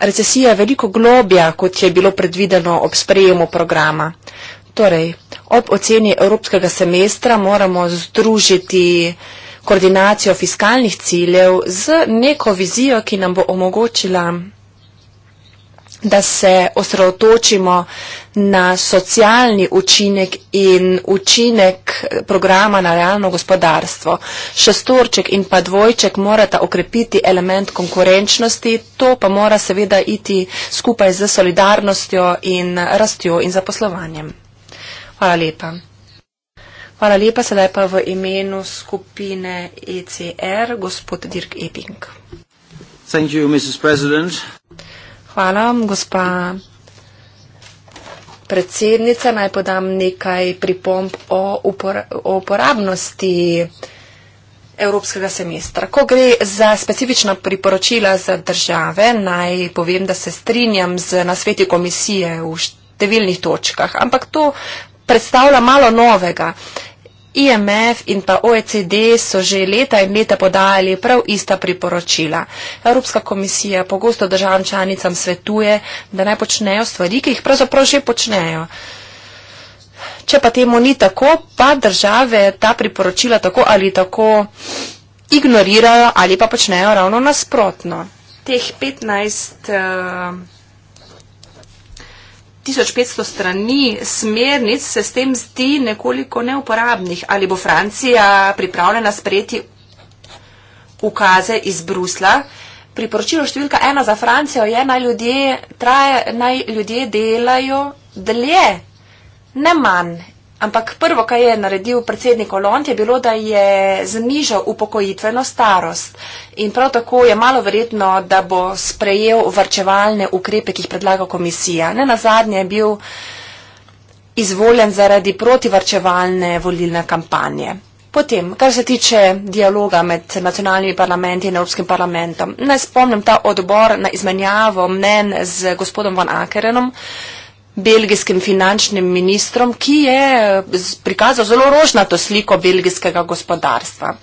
recesija veliko globja, kot je bilo predvideno ob sprejemu programa. Torej, ob oceni evropskega semestra moramo združiti koordinacijo fiskalnih ciljev z neko vizijo, ki nam bo omogočila da se osredotočimo na socialni učinek in učinek programa na realno gospodarstvo. Šestorček in pa dvojček morata okrepiti element konkurenčnosti, to pa mora seveda iti skupaj z solidarnostjo in rastjo in zaposlovanjem. Hvala lepa. Hvala lepa, sedaj pa v imenu skupine ECR, gospod Dirk Eping. Thank you, Mrs. President. Hvala, gospa predsednica. Naj podam nekaj pripomp o, upor o uporabnosti evropskega semestra. Ko gre za specifična priporočila za države, naj povem, da se strinjam z nasveti komisije v številnih točkah, ampak to predstavlja malo novega. IMF in pa OECD so že leta in leta podajali prav ista priporočila. Evropska komisija pogosto državam članicam svetuje, da naj počnejo stvari, ki jih pravzaprav že počnejo. Če pa temu ni tako, pa države ta priporočila tako ali tako ignorirajo ali pa počnejo ravno nasprotno. Teh 15. Uh, eh, 1500 strani smernic se s tem zdi nekoliko neuporabnih. Ali bo Francija pripravljena sprejeti ukaze iz Brusla? Priporočilo številka ena za Francijo je, naj ljudje, traje, naj ljudje delajo dlje, ne manj Ampak prvo, kar je naredil predsednik Olont, je bilo, da je znižal upokojitveno starost. In prav tako je malo verjetno, da bo sprejel vrčevalne ukrepe, ki jih predlaga komisija. Ne na zadnje je bil izvoljen zaradi protivrčevalne volilne kampanje. Potem, kar se tiče dialoga med nacionalnimi parlamenti in Evropskim parlamentom, naj spomnim ta odbor na izmenjavo mnen z gospodom Van Akerenom, uh, belgijskim finančnim ministrom, ki je eh, prikazal zelo rožnato sliko belgijskega gospodarstva.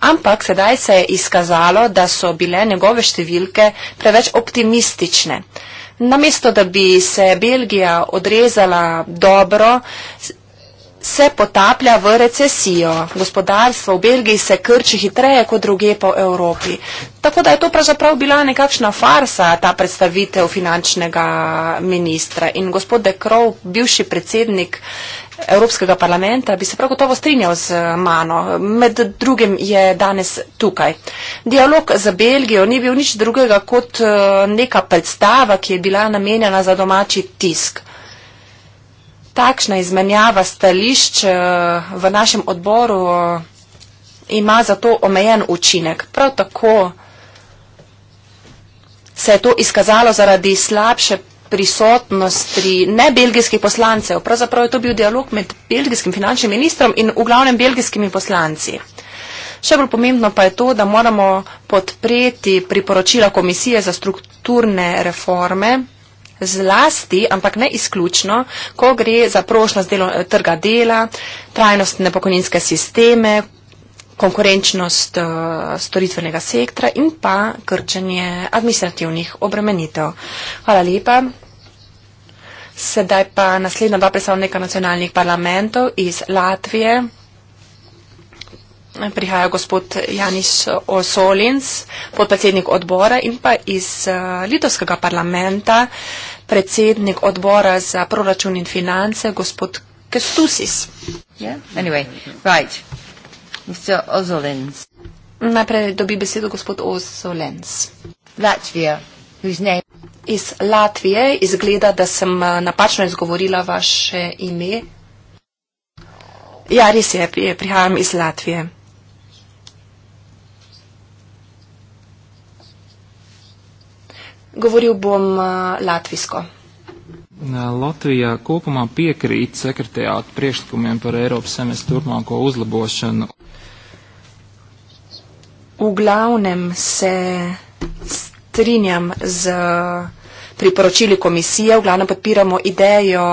Ampak sedaj se je izkazalo, da so bile njegove številke preveč optimistične. Namesto, da bi se Belgija odrezala dobro, se potaplja v recesijo. Gospodarstvo v Belgiji se krči hitreje kot druge po Evropi. Tako da je to pravzaprav bila nekakšna farsa, ta predstavitev finančnega ministra. In gospod De Krov, bivši predsednik Evropskega parlamenta, bi se prav gotovo strinjal z mano. Med drugim je danes tukaj. Dialog za Belgijo ni bil nič drugega kot eh, neka predstava, ki je bila namenjena za domači tisk takšna izmenjava stališč eh, v našem odboru eh, ima zato omejen učinek. Prav tako se je to izkazalo zaradi slabše prisotnosti nebelgijskih poslancev. Pravzaprav je to bil dialog med belgijskim finančnim ministrom in v glavnem belgijskimi poslanci. Še bolj pomembno pa je to, da moramo podpreti priporočila Komisije za strukturne reforme zlasti, ampak ne izključno, ko gre za prošnost delo, eh, trga dela, trajnostne pokojninske sisteme, konkurenčnost uh, storitvenega sektora in pa krčenje administrativnih obremenitev. Hvala lepa. Sedaj pa naslednja dva predstavnika nacionalnih parlamentov iz Latvije. Prihaja gospod Janis Osolins, podpredsednik odbora in pa iz uh, Litovskega parlamenta. Uh, predsednik odbora za proračun in finance, gospod Kestusis. Yeah? Anyway, right. Mr. Ozolens. Najprej dobi besedo gospod Ozolens. Latvija, whose name? Iz Latvije izgleda, da sem eh, napačno izgovorila vaše ime. Ja, res je, prihajam iz Latvije. Govoril bom eh, latvijsko. Latvija kopumā piekrīt sekretariātu priekšlikumiem par Eiropas semestru turpmāko uzlabošanu. Uglavnem se strinjam z eh, priporočili komisije, uglavnem podpiramo idejo,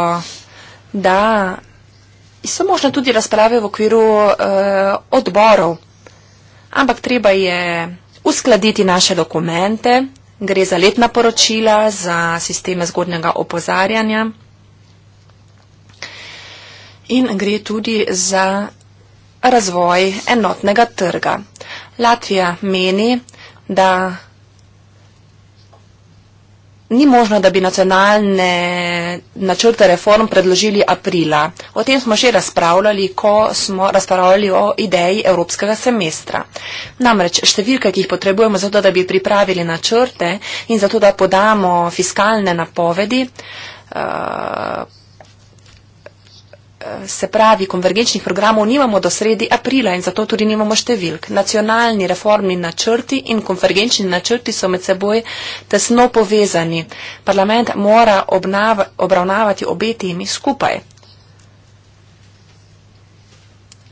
da so možne tudi razprave v okviru uh, odborov, ampak treba je uskladiti naše dokumente. Gre za letna poročila, za sisteme zgodnega opozarjanja in gre tudi za razvoj enotnega trga. Latvija meni, da ni možno, da bi nacionalne načrte reform predložili aprila. O tem smo že razpravljali, ko smo razpravljali o ideji evropskega semestra. Namreč številke, ki jih potrebujemo zato, da bi pripravili načrte in zato, da podamo fiskalne napovedi, uh, se pravi, konvergenčnih programov nimamo do sredi aprila in zato tudi nimamo številk. Nacionalni reformni načrti in konvergenčni načrti so med seboj tesno povezani. Parlament mora obnav, obravnavati obe temi skupaj.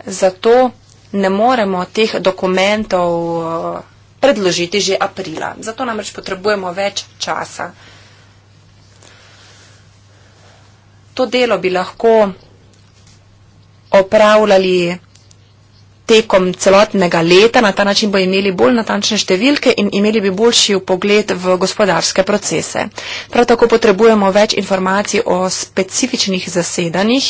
Zato ne moremo teh dokumentov eh, predložiti že aprila. Zato namreč potrebujemo več časa. To delo bi lahko opravljali tekom celotnega leta, na ta način bo imeli bolj natančne številke in imeli bi boljši upogled v gospodarske procese. Prav tako potrebujemo več informacij o specifičnih zasedanjih.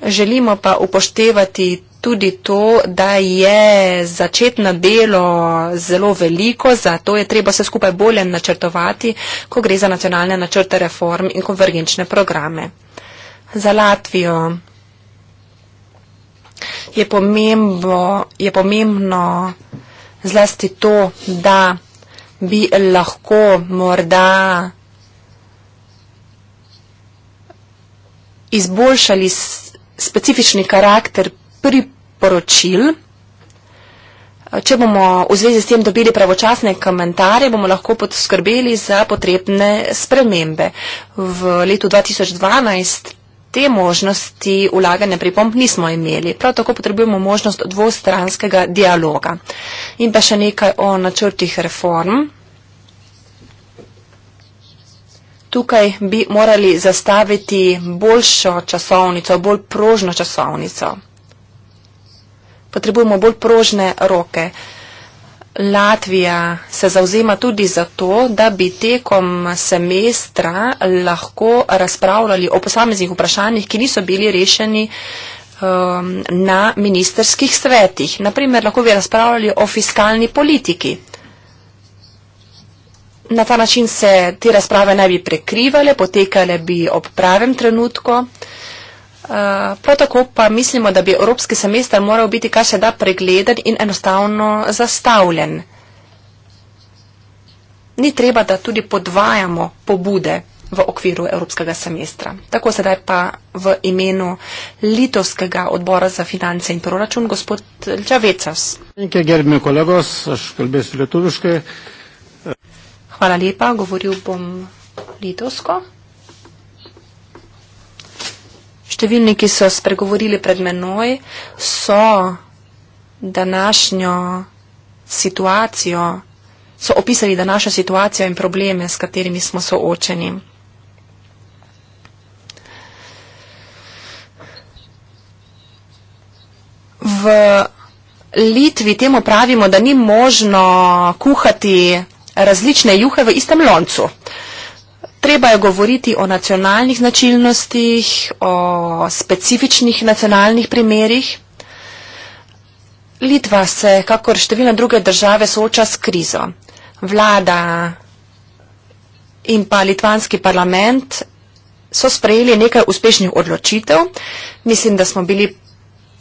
Želimo pa upoštevati tudi to, da je začetno delo zelo veliko, zato je treba vse skupaj bolje načrtovati, ko gre za nacionalne načrte reform in konvergenčne programe za Latvijo. Je, pomembo, je pomembno zlasti to, da bi lahko morda izboljšali specifični karakter priporočil. Če bomo v zvezi s tem dobili pravočasne komentarje, bomo lahko poskrbeli za potrebne spremembe. V letu 2012 te možnosti vlaganja pripomb nismo imeli. Prav tako potrebujemo možnost dvostranskega dialoga. In pa še nekaj o načrtih reform. Tukaj bi morali zastaviti boljšo časovnico, bolj prožno časovnico. Potrebujemo bolj prožne roke časovnice. Latvija se zauzema tudi za to, da bi tekom semestra lahko razpravljali o posameznih vprašanjih, ki niso bili rešeni um, na ministerskih svetih. Naprimer, lahko bi razpravljali o fiskalni politiki. Na ta način se te razprave naj bi prekrivale, potekale bi ob pravem trenutku. Uh, Eh, prav tako pa mislimo, da bi evropski semester moral biti kar se da pregleden in enostavno zastavljen. Ni treba, da tudi podvajamo pobude v okviru evropskega semestra. Tako sedaj pa v imenu Litovskega odbora za finance in proračun gospod Čavecas. Hvala lepa, govoril bom litovsko številni, ki so spregovorili pred menoj, so današnjo situacijo, so opisali današnjo situacijo in probleme, s katerimi smo soočeni. V Litvi temu pravimo, da ni možno kuhati različne juhe v istem loncu. Uh, Treba je govoriti o nacionalnih značilnostih, o specifičnih nacionalnih primerjih. Litva se, kakor številne druge države, sooča s krizo. Vlada in pa litvanski parlament so sprejeli nekaj uspešnih odločitev. Mislim, da smo bili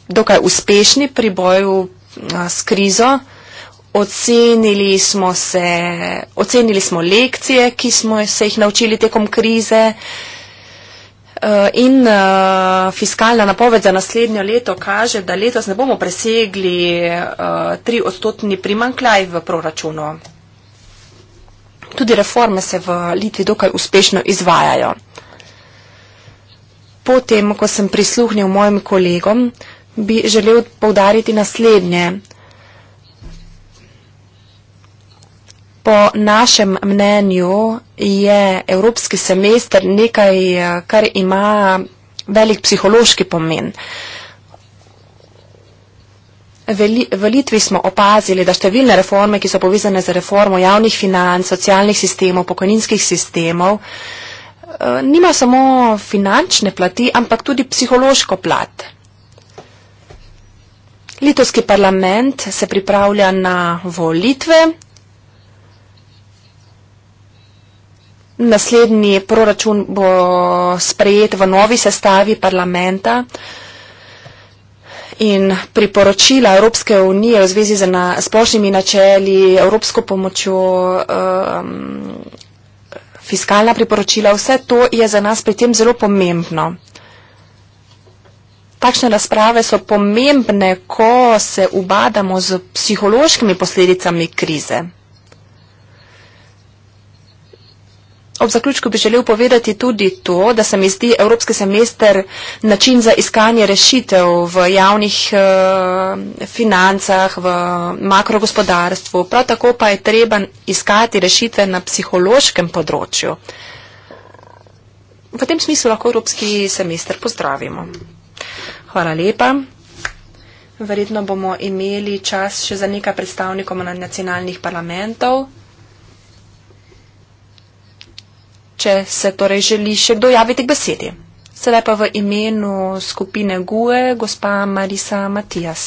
dokaj uspešni pri boju s krizo. Ocenili smo, se, ocenili smo lekcije, ki smo se jih naučili tekom krize eh, in eh, fiskalna napoved za naslednjo leto kaže, da letos ne bomo presegli eh, tri odstotni primankljaj v proračunu. Tudi reforme se v Litvi dokaj uspešno izvajajo. Potem, ko sem prisluhnil mojim kolegom, bi želel povdariti naslednje. Po našem mnenju je evropski semester nekaj, kar ima velik psihološki pomen. V Litvi smo opazili, da številne reforme, ki so povezane z reformo javnih financ, socialnih sistemov, pokojninskih sistemov, eh, nima samo finančne plati, ampak tudi psihološko plat. Litovski parlament se pripravlja na volitve. Naslednji proračun bo sprejet v novi sestavi parlamenta in priporočila Evropske unije v zvezi z na splošnimi načeli, evropsko pomočjo, um, fiskalna priporočila, vse to je za nas pri tem zelo pomembno. Takšne razprave so pomembne, ko se ubadamo z psihološkimi posledicami krize. Ob zaključku bi želel povedati tudi to, da se mi zdi Evropski semester način za iskanje rešitev v javnih eh, financah, v makrogospodarstvu. Prav tako pa je treba iskati rešitve na psihološkem področju. V tem smislu lahko Evropski semester pozdravimo. Hvala lepa. Verjetno bomo imeli čas še za nekaj predstavnikov nacionalnih parlamentov. če se torej želi še kdo javiti k besedi. Sedaj pa v imenu skupine GUE, gospa Marisa Matijas.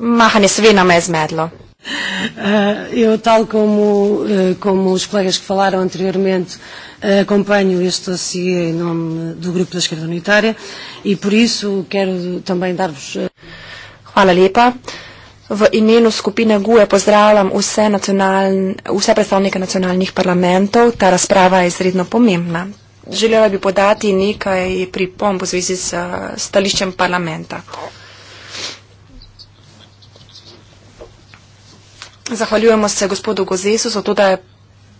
Mahanje svina me je zmedlo. Eh, eu, tal como, eh, como os colegas que falaram anteriormente, eh, acompanho este dossiê em nome do Grupo da Esquerda Unitária e, por isso, quero também dar-vos. Hvala lepa. V imenu skupine GUE pozdravljam vse, vse predstavnike nacionalnih parlamentov. Ta razprava je izredno pomembna. Želela bi podati nekaj pripomb v zvezi s stališčem parlamenta. Zahvaljujemo se gospodu Gozesu za to, da je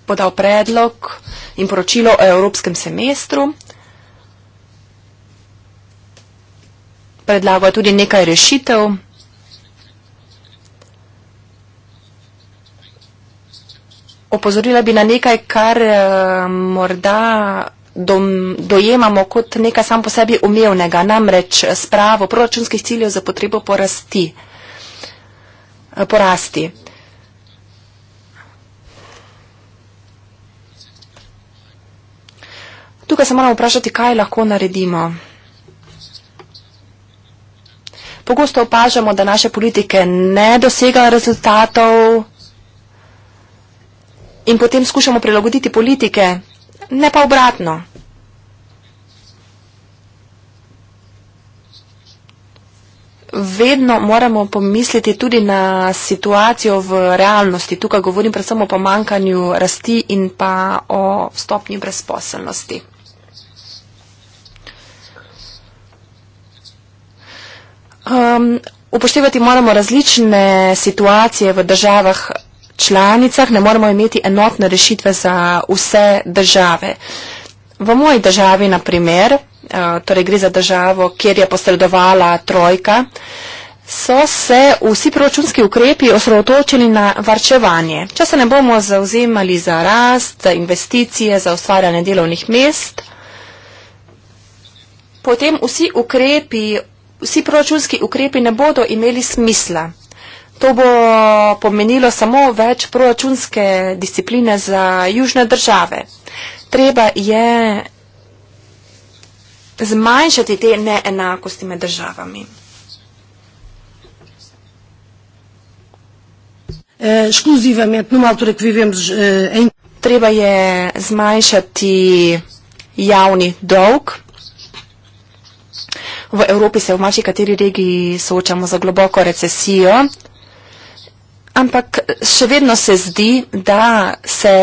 podal predlog in poročilo o evropskem semestru. Predlagal je tudi nekaj rešitev. opozorila bi na nekaj, kar eh, morda dojemamo kot nekaj sam po sebi umevnega, namreč spravo proračunskih ciljev za potrebo porasti. Eh, porasti. Tukaj se moramo vprašati, kaj lahko naredimo. Pogosto opažamo, da naše politike ne dosegajo rezultatov, in potem skušamo prilagoditi politike, ne pa obratno. Vedno moramo pomisliti tudi na situacijo v realnosti. Tukaj govorim predvsem o pomankanju rasti in pa o stopnji brezposelnosti. Um, upoštevati moramo različne situacije v državah članicah ne moremo imeti enotne rešitve za vse države. V moji državi, na primer, eh, torej gre za državo, kjer je posredovala trojka, so se vsi proračunski ukrepi osredotočili na varčevanje. Če se ne bomo zauzemali za rast, za investicije, za ustvarjanje delovnih mest, potem vsi ukrepi, vsi proračunski ukrepi ne bodo imeli smisla. To bo pomenilo samo več proračunske discipline za južne države. Treba je zmanjšati te neenakosti med državami. Eh, Treba je zmanjšati javni dolg. V Evropi se v mači kateri regiji soočamo za globoko recesijo. Ampak še vedno se zdi, da se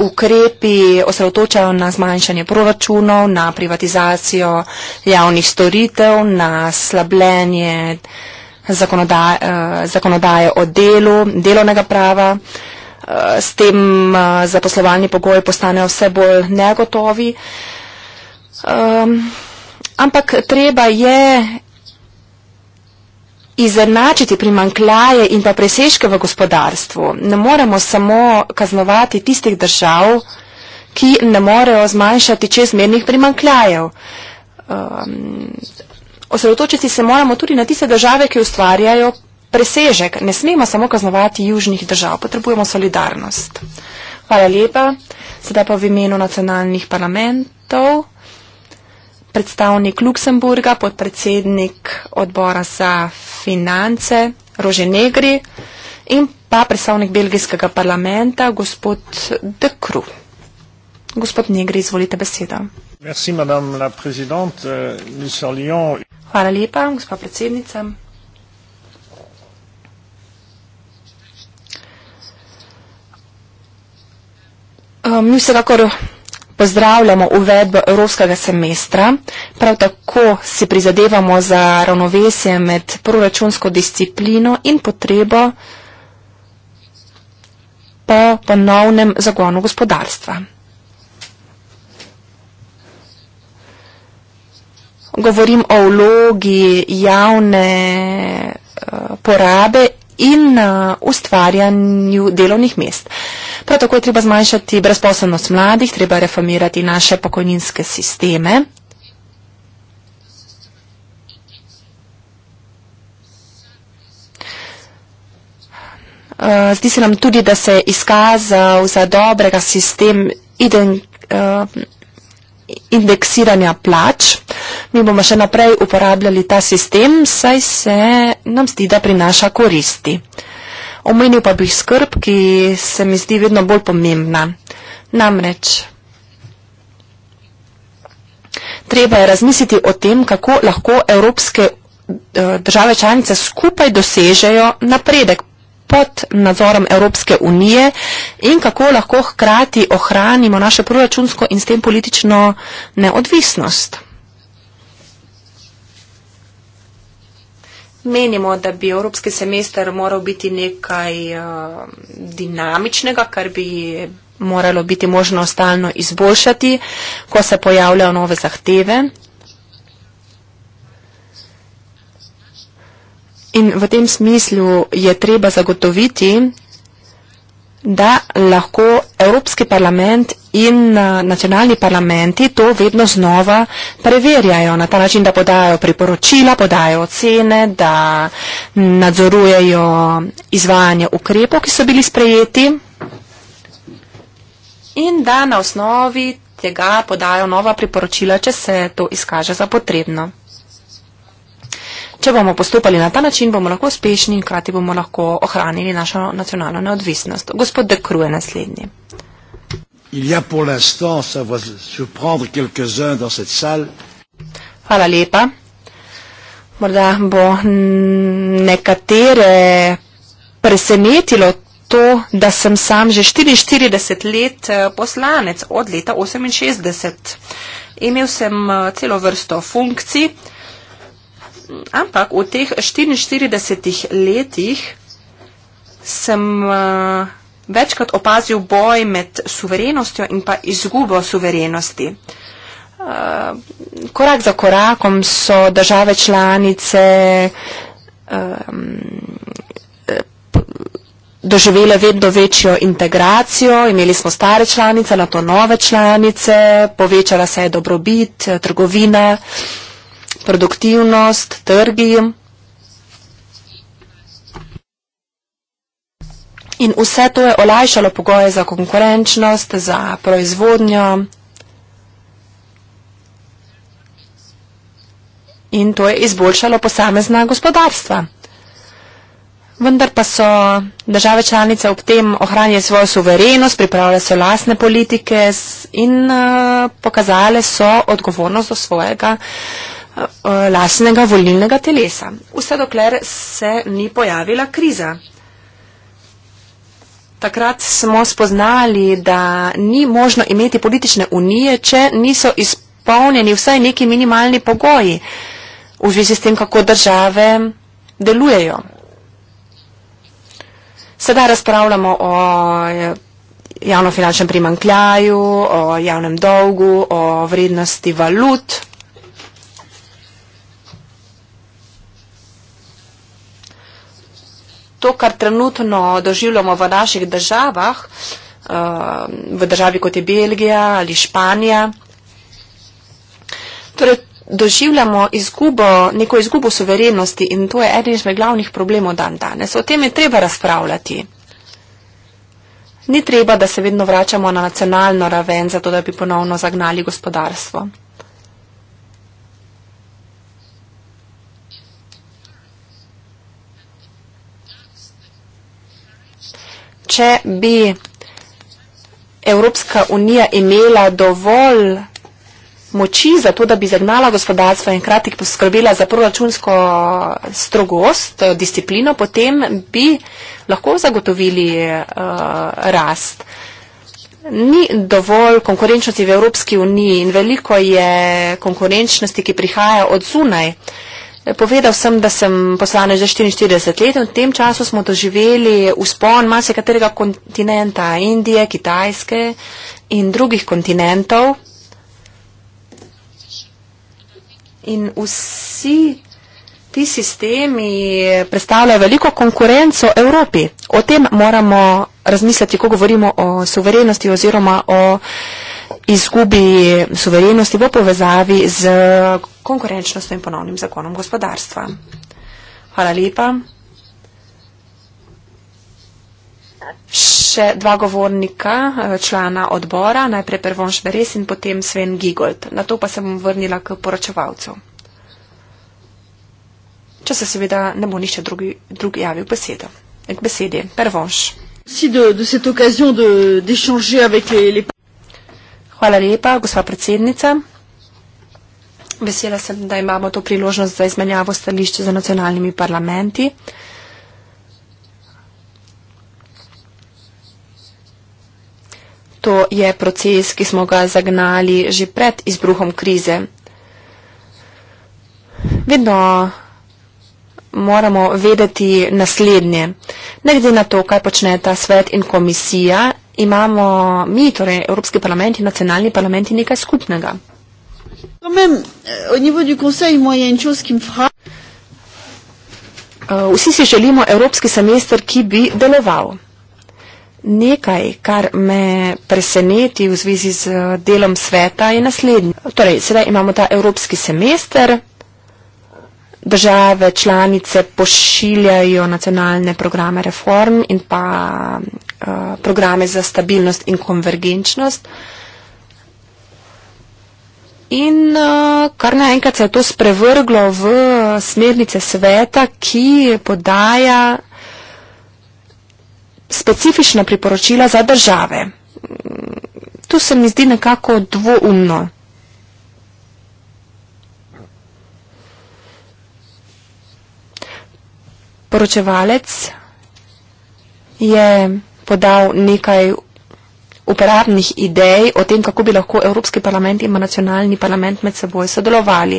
ukrepi osredotočajo na zmanjšanje proračunov, na privatizacijo javnih storitev, na slabljenje zakonodaje, eh, zakonodaje o delu, delovnega prava. Eh, s tem eh, zaposlovalni pogoji postanejo vse bolj negotovi. Um, ampak treba je izenačiti primankljaje in pa presežke v gospodarstvu. Ne moremo samo kaznovati tistih držav, ki ne morejo zmanjšati čezmernih primankljajev. Um, osredotočiti se moramo tudi na tiste države, ki ustvarjajo presežek. Ne smemo samo kaznovati južnih držav, potrebujemo solidarnost. Hvala lepa. Sedaj pa v imenu nacionalnih parlamentov predstavnik Luksemburga, podpredsednik odbora za finance Rože Negri in pa predstavnik belgijskega parlamenta gospod De Kru. Gospod Negri, izvolite besedo. Merci, la euh, Nous Hvala lepa, gospod predsednica. Ehm, mi vsekakor pozdravljamo uvedbo evropskega semestra, prav tako si prizadevamo za ravnovesje med proračunsko disciplino in potrebo po ponovnem zagonu gospodarstva. Govorim o vlogi javne eh, porabe in eh, ustvarjanju delovnih mest. Prav tako je treba zmanjšati brezposobnost mladih, treba reformirati naše pokojninske sisteme. Eh, zdi se nam tudi, da se je izkazal za dobrega sistem eh, indeksiranja plač. Mi bomo še naprej uporabljali ta sistem, saj se nam zdi, da prinaša koristi. Omenil pa bi skrb, ki se mi zdi vedno bolj pomembna. Namreč, treba je razmisliti o tem, kako lahko evropske eh, države članice skupaj dosežejo napredek pod nadzorom Evropske unije in kako lahko hkrati ohranimo naše proračunsko in s tem politično neodvisnost. Menimo, da bi evropski semester moral biti nekaj uh, dinamičnega, kar bi moralo biti možno stalno izboljšati, ko se pojavljajo nove zahteve. In v tem smislu je treba zagotoviti, da lahko Evropski parlament in eh, nacionalni parlamenti to vedno znova preverjajo na ta način, da podajo priporočila, podajo ocene, da nadzorujejo izvajanje ukrepov, ki so bili sprejeti in da na osnovi tega podajo nova priporočila, če se to izkaže za potrebno. Če bomo postopali na ta način, bomo lahko uspešni in krati bomo lahko ohranili našo nacionalno neodvisnost. Gospod Dekru je naslednji. Hvala lepa. Morda bo nekatere presenetilo to, da sem sam že 44 let eh, poslanec od leta 68. Imel sem eh, celo vrsto funkcij ampak v teh 44 letih sem uh, večkrat opazil boj med suverenostjo in pa izgubo suverenosti. Uh, korak za korakom so države članice um, doživele vedno večjo integracijo, imeli smo stare članice, na to nove članice, povečala se je dobrobit, trgovina. Uh, produktivnost, trgi in vse to je olajšalo pogoje za konkurenčnost, za proizvodnjo in to je izboljšalo posamezna gospodarstva. Vendar pa so države članice ob tem ohranjali svojo suverenost, pripravljali so lasne politike in eh, pokazali so odgovornost do svojega Eh, eh, lasnega volilnega telesa, vse dokler se ni pojavila kriza. Takrat smo spoznali, da ni možno imeti politične unije, če niso izpolnjeni vsaj neki minimalni pogoji v zvezi s tem, kako države delujejo. Sedaj razpravljamo o eh, javnofinančnem primankljaju, o javnem dolgu, o vrednosti valut. to, kar trenutno doživljamo v naših državah, eh, v državi kot je Belgija ali Španija. Torej, doživljamo izgubo, neko izgubo suverenosti in to je eden izmed glavnih problemov dan danes. O tem je treba razpravljati. Ni treba, da se vedno vračamo na nacionalno raven, zato da bi ponovno zagnali gospodarstvo. če bi Evropska unija imela dovolj moči za to, da bi zagnala gospodarstvo in kratik poskrbela za proračunsko strogost, disciplino, potem bi lahko zagotovili uh, rast. Ni dovolj konkurenčnosti v Evropski uniji in veliko je konkurenčnosti, ki prihaja od zunaj. Uh, Povedal sem, da sem poslanec že 44 let in v tem času smo doživeli uspon masi katerega kontinenta, Indije, Kitajske in drugih kontinentov. In vsi ti sistemi predstavljajo veliko konkurenco Evropi. O tem moramo razmisliti, ko govorimo o suverenosti oziroma o izgubi suverenosti v povezavi z konkurenčnostjo in ponovnim zakonom gospodarstva. Hvala lepa. Še dva govornika, eh, člana odbora, najprej Pervon Šberes in potem Sven Gigold. Na to pa se bom vrnila k poročevalcu. Če se seveda ne bo nišče drugi, drugi javil besedo. Besedi, Pervonš. Si do, do cette occasion de, d'échanger avec les, les... Hvala lepa, gospa predsednica. Vesela sem, da imamo to priložnost za izmenjavo stališče za nacionalnimi parlamenti. To je proces, ki smo ga zagnali že pred izbruhom krize. Vedno moramo vedeti naslednje. Ne glede na to, kaj počne ta svet in komisija, imamo mi, torej Evropski parlament in nacionalni parlament, nekaj skupnega. Euh, uh, vsi si želimo Evropski semester, ki bi deloval. Nekaj, kar me preseneti v zvezi z uh, delom sveta, je naslednje. Torej, sedaj imamo ta Evropski semester. Države članice pošiljajo nacionalne programe reform in pa programe za stabilnost in konvergenčnost. In kar naenkrat se je to sprevrglo v smernice sveta, ki podaja specifična priporočila za države. Tu se mi zdi nekako dvoumno. Poročevalec je podal nekaj uporabnih idej o tem, kako bi lahko Evropski parlament in nacionalni parlament med seboj sodelovali.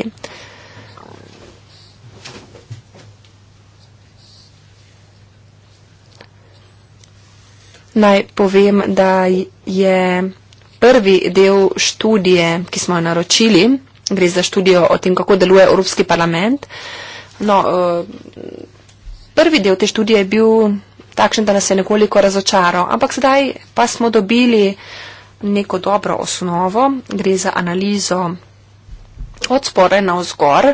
Naj povem, da je prvi del študije, ki smo jo naročili, gre za študijo o tem, kako deluje Evropski parlament. No, eh, prvi del te študije je bil takšen, da nas je nekoliko razočaral. Ampak zdaj pa smo dobili neko dobro osnovo, gre za analizo od spore na vzgor.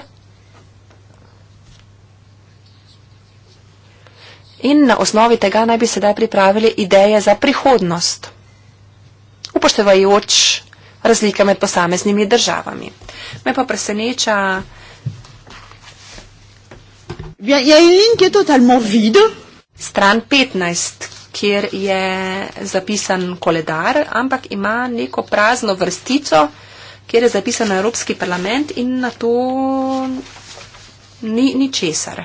In na osnovi tega naj bi sedaj pripravili ideje za prihodnost, upoštevajoč razlike med posameznimi državami. Me pa preseneča. Bien, il y a une ligne qui est totalement vide stran 15, kjer je zapisan koledar, ampak ima neko prazno vrstico, kjer je zapisan Evropski parlament in na to ni ničesar.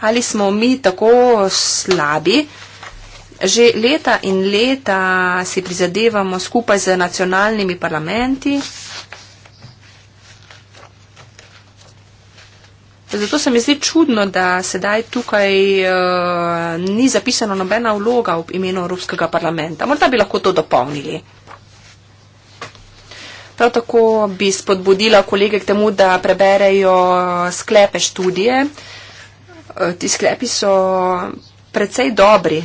Ali smo mi tako slabi? Že leta in leta si prizadevamo skupaj z nacionalnimi parlamenti Zato se mi zdi čudno, da sedaj tukaj uh, ni zapisano nobena vloga v imenu Evropskega parlamenta. Morda bi lahko to dopolnili. Prav tako bi spodbudila kolege k temu, da preberejo eh, sklepe študije. Eh, ti sklepi so precej dobri.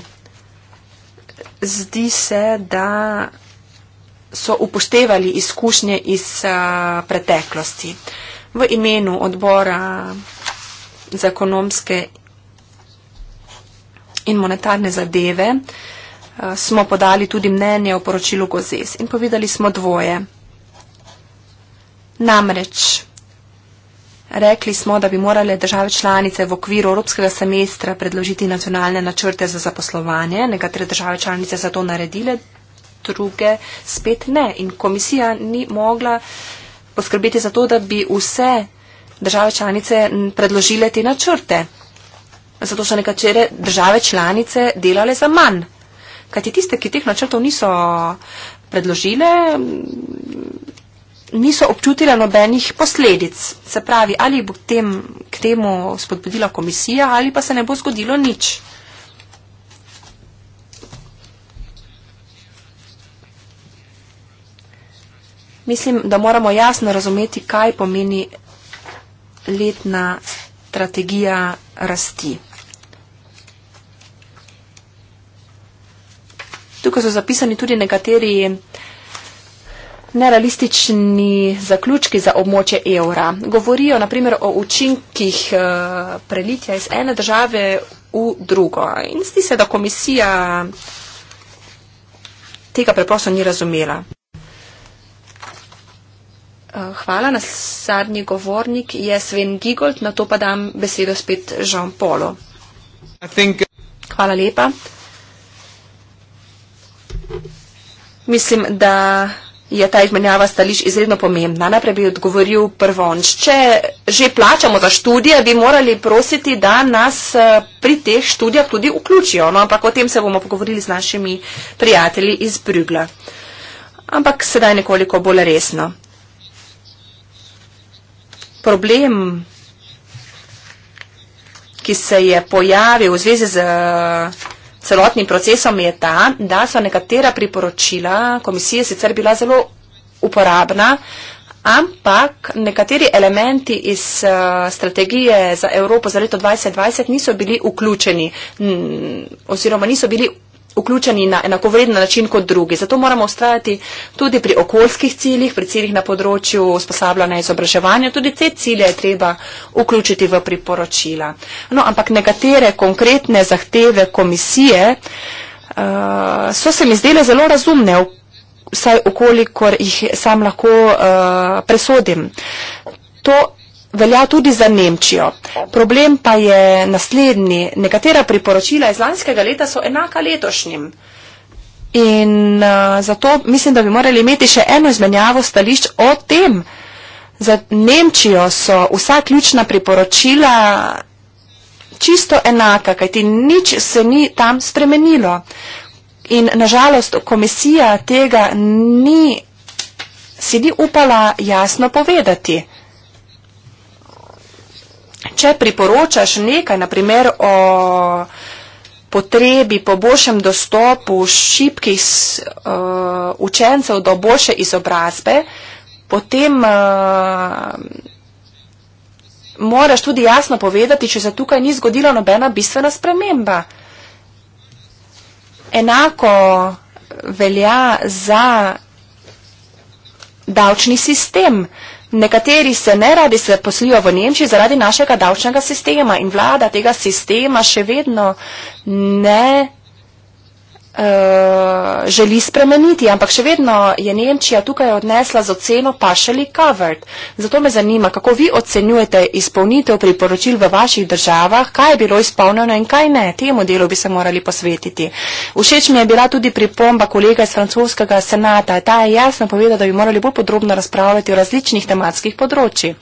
Zdi se, da so upoštevali izkušnje iz preteklosti. V imenu odbora za ekonomske in monetarne zadeve eh, smo podali tudi mnenje o poročilu Gozes in povedali smo dvoje. Namreč rekli smo, da bi morale države članice v okviru Evropskega semestra predložiti nacionalne načrte za zaposlovanje, nekatere države članice za to naredile, druge spet ne. In komisija ni mogla poskrbeti za to, da bi vse države članice predložile te načrte. Zato so nekatere države članice delale za manj. Kaj ti tiste, ki teh načrtov niso predložile, niso občutile nobenih posledic. Se pravi, ali bo tem, k temu spodbudila komisija ali pa se ne bo zgodilo nič. Mislim, da moramo jasno razumeti, kaj pomeni letna strategija rasti. Tukaj so zapisani tudi nekateri nerealistični zaključki za območje evra. Govorijo naprimer o učinkih eh, prelitja iz ene države v drugo. In zdi se, da komisija tega preprosto ni razumela. Eh, hvala. Naslednji govornik je Sven Gigold, na to pa dam besedo spet Žan Polo. Think... Hvala lepa. Mislim, da je ta izmenjava stališ izredno pomembna. Najprej bi odgovoril prvonč. Če že plačamo za študije, bi morali prositi, da nas eh, pri teh študijah tudi vključijo. No, ampak o tem se bomo pogovorili z našimi prijatelji iz Brügla. Ampak sedaj nekoliko bolj resno problem, ki se je pojavil v zvezi z eh, celotnim procesom, je ta, da so nekatera priporočila komisije sicer bila zelo uporabna, ampak nekateri elementi iz eh, strategije za Evropo za leto 2020 niso bili vključeni oziroma niso bili vključeni na enakovreden način kot drugi. Zato moramo ustrajati tudi pri okoljskih ciljih, pri ciljih na področju usposabljanja in izobraževanja. Tudi te cilje je treba vključiti v priporočila. No, ampak nekatere konkretne zahteve komisije uh, so se mi zdele zelo razumne, vsaj okolikor jih sam lahko uh, presodim. To velja tudi za Nemčijo. Problem pa je naslednji. Nekatera priporočila iz lanskega leta so enaka letošnjim. In uh, zato mislim, da bi morali imeti še eno izmenjavo stališč o tem. Za Nemčijo so vsa ključna priporočila čisto enaka, kajti nič se ni tam spremenilo. In nažalost, komisija tega ni, si ni upala jasno povedati če priporočaš nekaj, naprimer o potrebi po boljšem dostopu šibkih uh, učencev do boljše izobrazbe, potem uh, moraš tudi jasno povedati, če se tukaj ni zgodila nobena bistvena sprememba. Enako velja za davčni sistem. Uh, Nekateri se ne radi se poslijo v Nemčiji zaradi našega davčnega sistema in vlada tega sistema še vedno ne Eh, želi spremeniti, ampak še vedno je Nemčija tukaj odnesla z oceno partially covered. Zato me zanima, kako vi ocenjujete izpolnitev priporočil v vaših državah, kaj je bilo izpolnjeno in kaj ne. Temu delu bi se morali posvetiti. Všeč mi je bila tudi pripomba kolega iz francoskega senata. Ta je jasno povedal, da bi morali bolj podrobno razpravljati o različnih tematskih področjih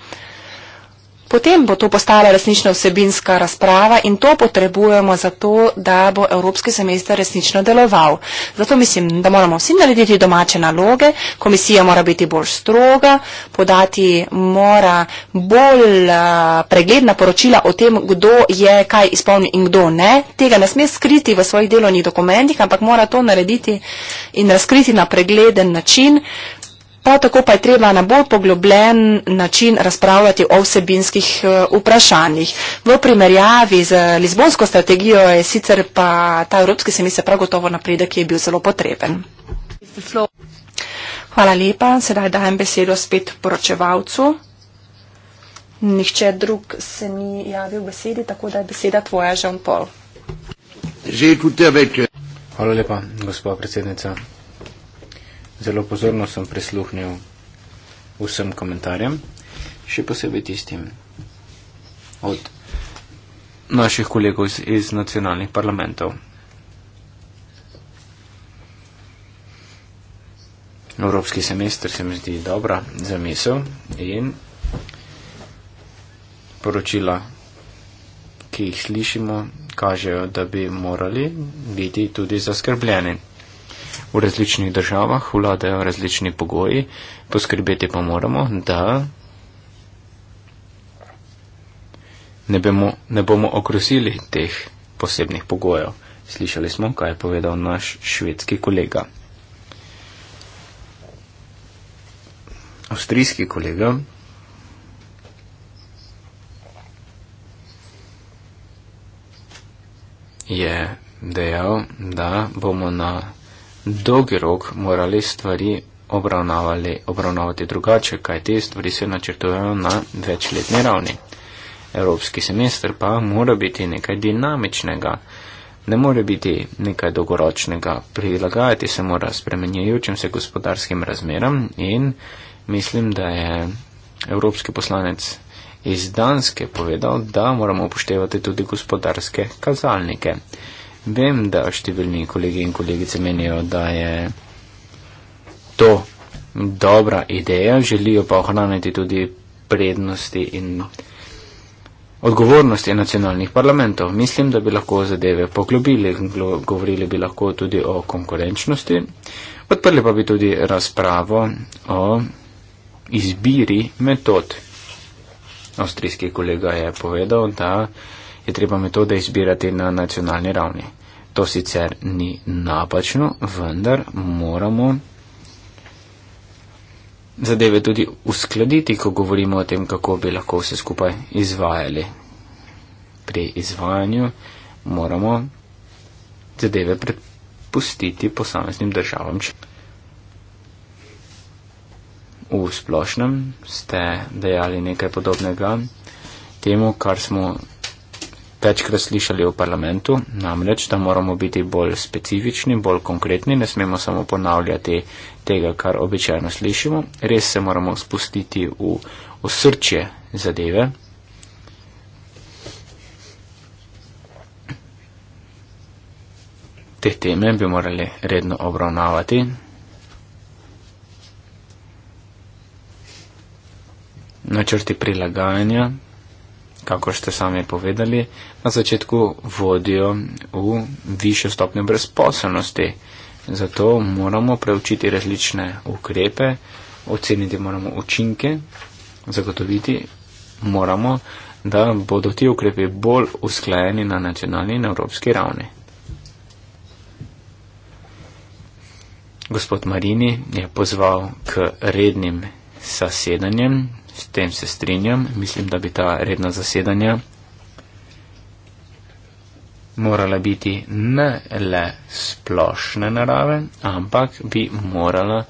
potem bo to postala resnično vsebinska razprava in to potrebujemo za to, da bo Evropski semester resnično deloval. Zato mislim, da moramo vsi narediti domače naloge, komisija mora biti bolj stroga, podati mora bolj eh, pregledna poročila o tem, kdo je kaj izpolnil in kdo ne. Tega ne sme skriti v svojih delovnih dokumentih, ampak mora to narediti in razkriti na pregleden način, Prav tako pa je treba na bolj poglobljen način razpravljati o vsebinskih eh, vprašanjih. V primerjavi z Lizbonsko strategijo je sicer pa ta evropski semestar prav gotovo napredek, ki je bil zelo potreben. Hvala lepa. Sedaj dajem besedo spet poročevalcu. Nihče drug se ni javil v besedi, tako da je beseda tvoja, Žan Pol. Euh, Hvala lepa, gospod predsednica zelo pozorno sem prisluhnil vsem komentarjem, še posebej tistim od naših kolegov iz, iz nacionalnih parlamentov. Evropski semester se mi zdi dobra zamisel in poročila, ki jih slišimo, kažejo, da bi morali biti tudi zaskrbljeni v različnih državah vladajo različni pogoji, poskrbeti pa moramo, da ne, bemo, ne bomo okrosili teh posebnih pogojev. Slišali smo, kaj je povedal naš švedski kolega. Avstrijski kolega. je dejal, da bomo na dolgi rok morali stvari obravnavati drugače, kaj te stvari se načrtujejo na večletni ravni. Evropski semester pa mora biti nekaj dinamičnega, ne more biti nekaj dolgoročnega, prilagajati se mora spremenjujočim se gospodarskim razmeram in mislim, da je evropski poslanec iz Danske povedal, da moramo upoštevati tudi gospodarske kazalnike. Vem, da številni kolegi in kolegice menijo, da je to dobra ideja, želijo pa ohraniti tudi prednosti in odgovornosti nacionalnih parlamentov. Mislim, da bi lahko zadeve poglobili, govorili bi lahko tudi o konkurenčnosti, odprli pa bi tudi razpravo o izbiri metod. Avstrijski kolega je povedal, da je treba metode izbirati na nacionalni ravni. To sicer ni napačno, vendar moramo zadeve tudi uskladiti, ko govorimo o tem, kako bi lahko vse skupaj izvajali. Pri izvajanju moramo zadeve prepustiti posameznim državam. V splošnem ste dejali nekaj podobnega temu, kar smo večkrat slišali v parlamentu, namreč, da moramo biti bolj specifični, bolj konkretni, ne smemo samo ponavljati tega, kar običajno slišimo, res se moramo spustiti v osrčje zadeve. Te teme bi morali redno obravnavati. Načrti prilagajanja kako ste sami povedali, na začetku vodijo v više stopnje brezposelnosti. Zato moramo preučiti različne ukrepe, oceniti moramo učinke, zagotoviti moramo, da bodo ti ukrepi bolj usklajeni na nacionalni in evropski ravni. Gospod Marini je pozval k rednim zasedanjem S tem se strinjam. Mislim, da bi ta redna zasedanja morala biti ne le splošne narave, ampak bi morala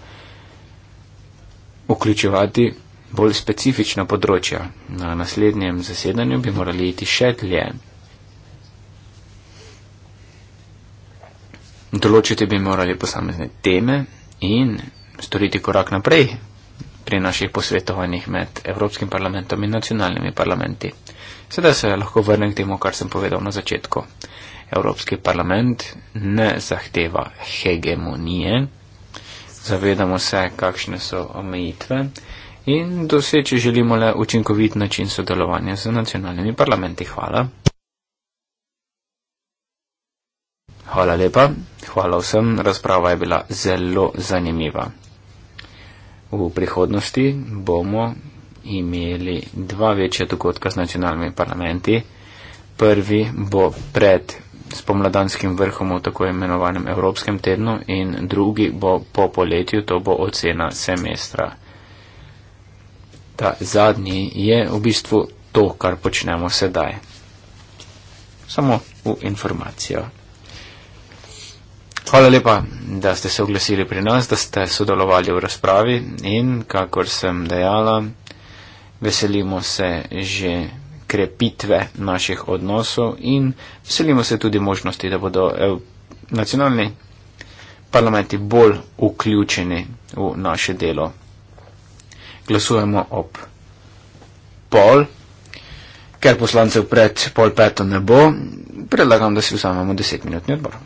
vključevati bolj specifična področja. Na naslednjem zasedanju bi morali iti še dlje. Določiti bi morali posamezne teme in storiti korak naprej, pri naših posvetovanjih med Evropskim parlamentom in nacionalnimi parlamenti. Sedaj se lahko vrnem k temu, kar sem povedal na začetku. Evropski parlament ne zahteva hegemonije, zavedamo se, kakšne so omejitve in doseči želimo le učinkovit način sodelovanja z nacionalnimi parlamenti. Hvala. Hvala lepa, hvala vsem, razprava je bila zelo zanimiva. V prihodnosti bomo imeli dva večja dogodka z nacionalnimi parlamenti. Prvi bo pred spomladanskim vrhom v tako imenovanem Evropskem tednu in drugi bo po poletju, to bo ocena semestra. Ta zadnji je v bistvu to, kar počnemo sedaj. Samo v informacijo. Hvala lepa, da ste se oglasili pri nas, da ste sodelovali v razpravi in, kakor sem dejala, veselimo se že krepitve naših odnosov in veselimo se tudi možnosti, da bodo ev, nacionalni parlamenti bolj vključeni v naše delo. Glasujemo ob pol, ker poslancev pred pol peto ne bo, predlagam, da si vzamemo desetminutni odbor.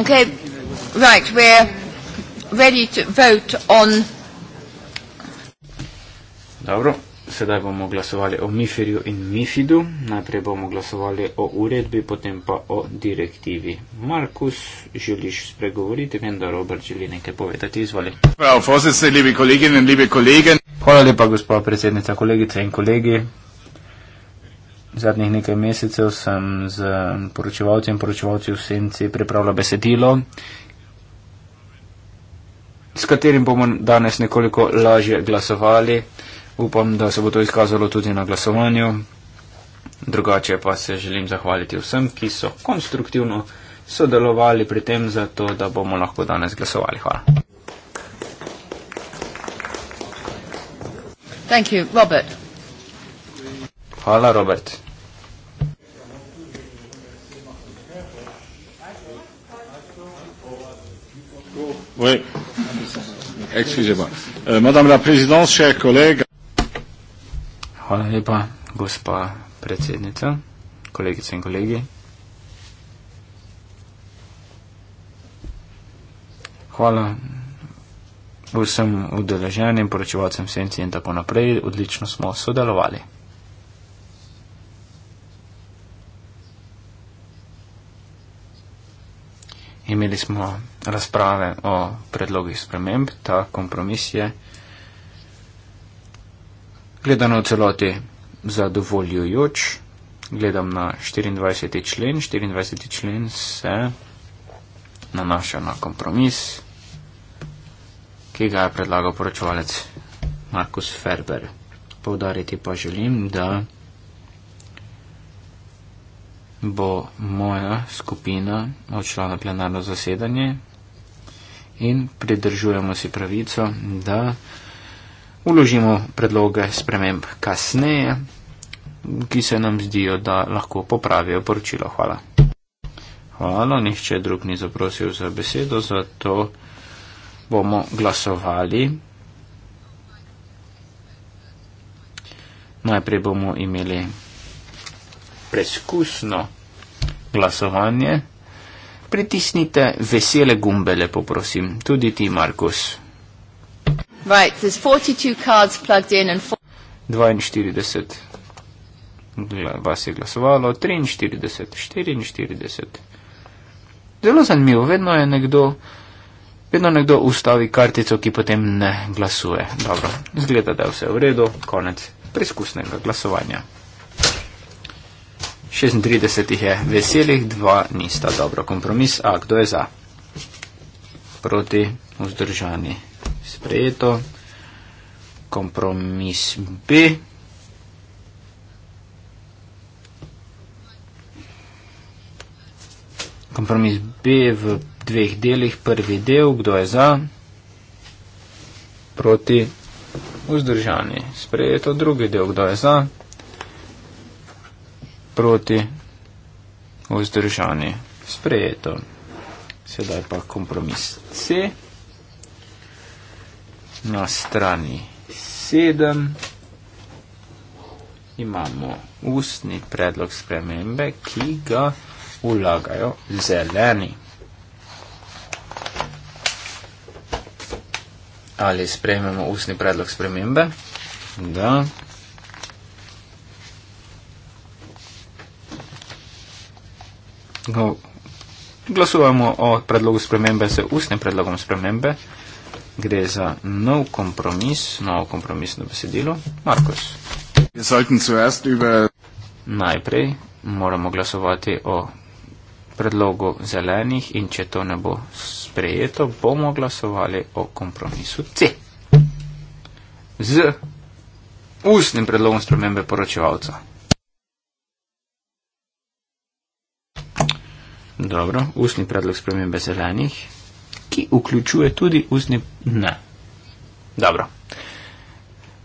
Okay, right, we're ready to vote on... Dobro, sedaj bomo glasovali o Miferju in Mifidu, najprej bomo glasovali o uredbi, potem pa o direktivi. Markus, želiš spregovoriti, vem, da Robert želi nekaj povedati, izvali. Hvala, fosec, ljubi kolegin in ljubi kolegin. Hvala lepa, gospod predsednica, kolegice in kolegi, zadnjih nekaj mesecev sem z poročevalcem, poročevalci v senci pripravila besedilo, s katerim bomo danes nekoliko lažje glasovali. Upam, da se bo to izkazalo tudi na glasovanju. Drugače pa se želim zahvaliti vsem, ki so konstruktivno sodelovali pri tem, zato da bomo lahko danes glasovali. Hvala. Thank you, Robert. Hvala, Robert. Oui. Excusez-moi. Euh, Madame la Présidente, chers collègues. Hvala lepa, gospa predsednica, kolegice in kolegi. Hvala vsem udeleženim, poročevalcem senci in tako naprej. Odlično smo sodelovali. imeli smo razprave o predlogih sprememb, ta kompromis je gledano v celoti zadovoljujoč. Gledam na 24. člen. 24. člen se nanaša na kompromis, ki ga je predlagal poročevalec Markus Ferber. Povdariti pa želim, da bo moja skupina odšla na plenarno zasedanje in pridržujemo si pravico, da uložimo predloge sprememb kasneje, ki se nam zdijo, da lahko popravijo poročilo. Hvala. Hvala, nihče drug ni zaprosil za besedo, zato bomo glasovali. Najprej bomo imeli preskusno glasovanje, pritisnite vesele gumbe, lepo prosim, tudi ti, Markus. Right, 42 vas je glasovalo, 43, 44. Zelo zanimivo, vedno je nekdo, vedno nekdo ustavi kartico, ki potem ne glasuje. Dobro, zgleda, da je vse v redu, konec preizkusnega glasovanja. 36 je veselih, dva nista dobro kompromis. A kdo je za? Proti vzdržani sprejeto. Kompromis B. Kompromis B v dveh delih. Prvi del, kdo je za? Proti vzdržani sprejeto. Drugi del, kdo je za? proti, vzdržani, sprejeto. Sedaj pa kompromis C na strani 7. Imamo ustni predlog spremembe, ki ga ulagajo zeleni. Ali sprejmemo ustni predlog spremembe? Da. glasujemo o predlogu spremembe z ustnim predlogom spremembe. Gre za nov kompromis, novo kompromisno besedilo. Markus. Najprej moramo glasovati o predlogu zelenih in če to ne bo sprejeto, bomo glasovali o kompromisu C. Z ustnim predlogom spremembe poročevalca. Dobro, ustni predlog spremembe zelenih, ki vključuje tudi ustni. Ne. Dobro.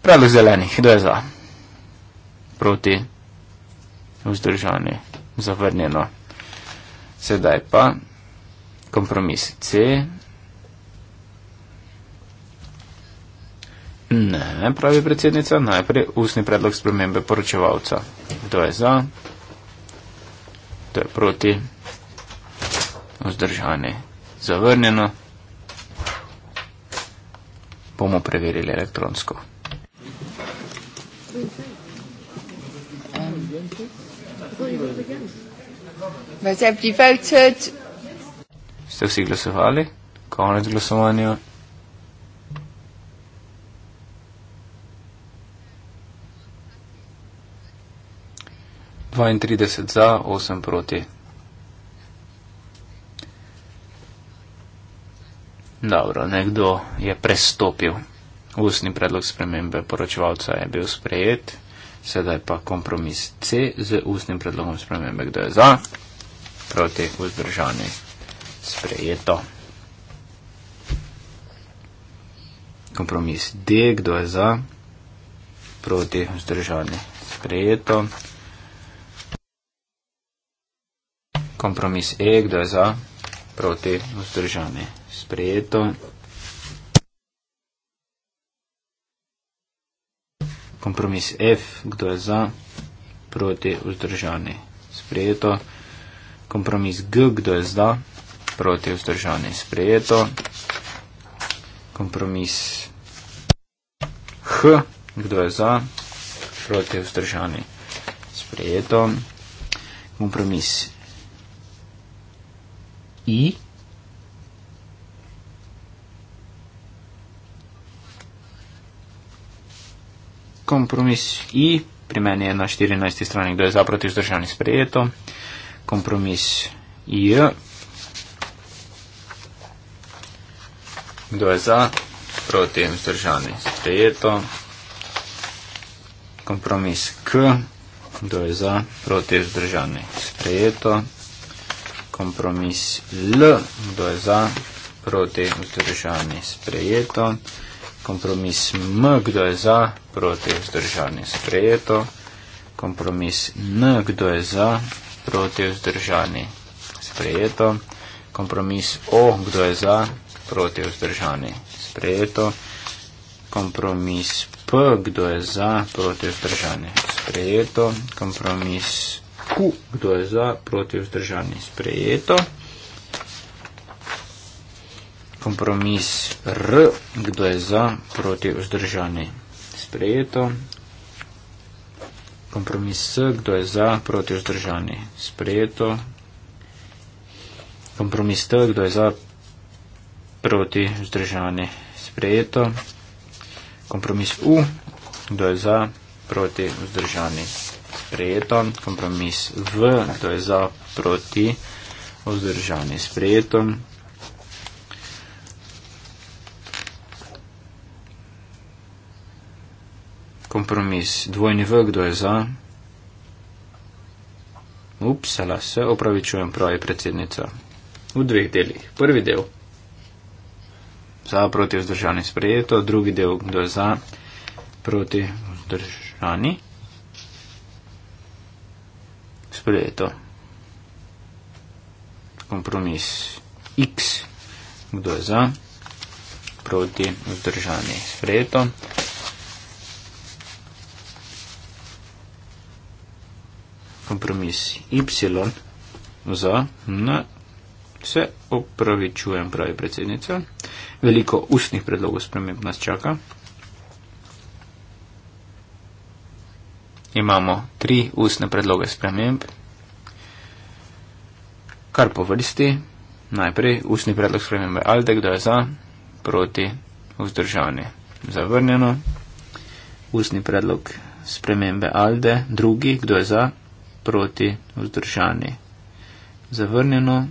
Predlog zelenih, kdo je za? Proti, vzdržani, zavrnjeno. Sedaj pa kompromis C. Ne, pravi predsednica, najprej ustni predlog spremembe poročevalca. Kdo je za? To je proti vzdržane. Zavrnjeno. Bomo preverili elektronsko. Ste vsi glasovali? Konec glasovanja. Dvaintrideset za, osem proti. Dobro, nekdo je prestopil. Ustni predlog spremembe poročevalca je bil sprejet, sedaj pa kompromis C z ustnim predlogom spremembe, kdo je za, proti vzdržani sprejeto. Kompromis D, kdo je za, proti vzdržani sprejeto. Kompromis E, kdo je za, proti vzdržani sprejeto sprejeto. Kompromis F, kdo je za, proti, vzdržani, sprejeto. Kompromis G, kdo je za, proti, vzdržani, sprejeto. Kompromis H, kdo je za, proti, vzdržani, sprejeto. Kompromis I, kompromis I, pri meni je na 14. strani, kdo je za proti vzdržani sprejeto, kompromis I, kdo je za proti vzdržani sprejeto, kompromis K, kdo je za proti vzdržani sprejeto, kompromis L, kdo je za proti vzdržani sprejeto, kompromis L, kdo je za proti vzdržani sprejeto, kompromis M, kdo je za, proti vzdržani sprejeto, kompromis N, kdo je za, proti vzdržani sprejeto, kompromis O, kdo je za, proti vzdržani sprejeto, kompromis P, kdo je za, proti vzdržani sprejeto, kompromis Q, kdo je za, proti vzdržani sprejeto kompromis R, kdo je za, proti vzdržani, sprejeto. Kompromis S, kdo je za, proti vzdržani, sprejeto. Kompromis T, kdo je za, proti vzdržani, sprejeto. Kompromis U, kdo je za, proti vzdržani, sprejeto. Kompromis V, kdo je za, proti vzdržani, sprejeto. kompromis. Dvojni V, kdo je za? Upsala, se opravičujem, pravi predsednica. V dveh delih. Prvi del. Za proti vzdržani sprejeto, drugi del, kdo je za, proti vzdržani sprejeto. Kompromis X, kdo je za, proti vzdržani sprejeto. kompromis Y za N. Se opravičujem, pravi predsednica. Veliko ustnih predlogov sprememb nas čaka. Imamo tri ustne predloge sprememb, kar po vrsti. Najprej ustni predlog spremembe Alde, kdo je za, proti, vzdržani, zavrnjeno. Ustni predlog spremembe Alde, drugi, kdo je za, proti vzdržani. Zavrnjeno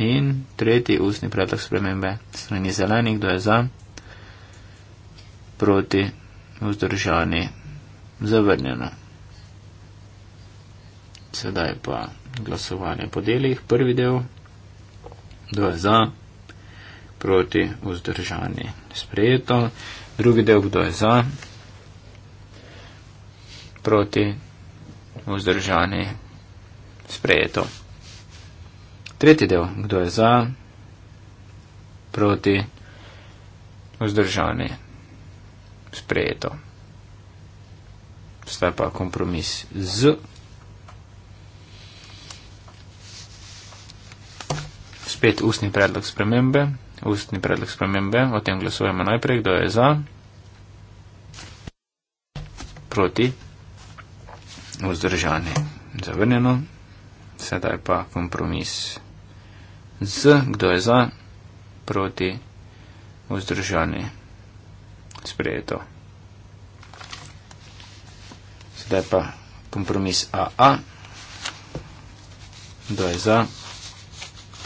in tretji ustni predlog spremembe strani zeleni, kdo je za, proti vzdržani, zavrnjeno. Sedaj pa glasovanje po delih. Prvi del, kdo je za, proti vzdržani, sprejeto. Drugi del, kdo je za, proti vzdržani vzdržani, sprejeto. Tretji del, kdo je za, proti, vzdržani, sprejeto. Zdaj pa kompromis z. Spet ustni predlog spremembe. Ustni predlog spremembe. O tem glasujemo najprej, kdo je za. Proti vzdržani. Zavrnjeno. Sedaj pa kompromis z, kdo je za, proti, vzdržani. Sprejeto. Sedaj pa kompromis AA. Kdo je za,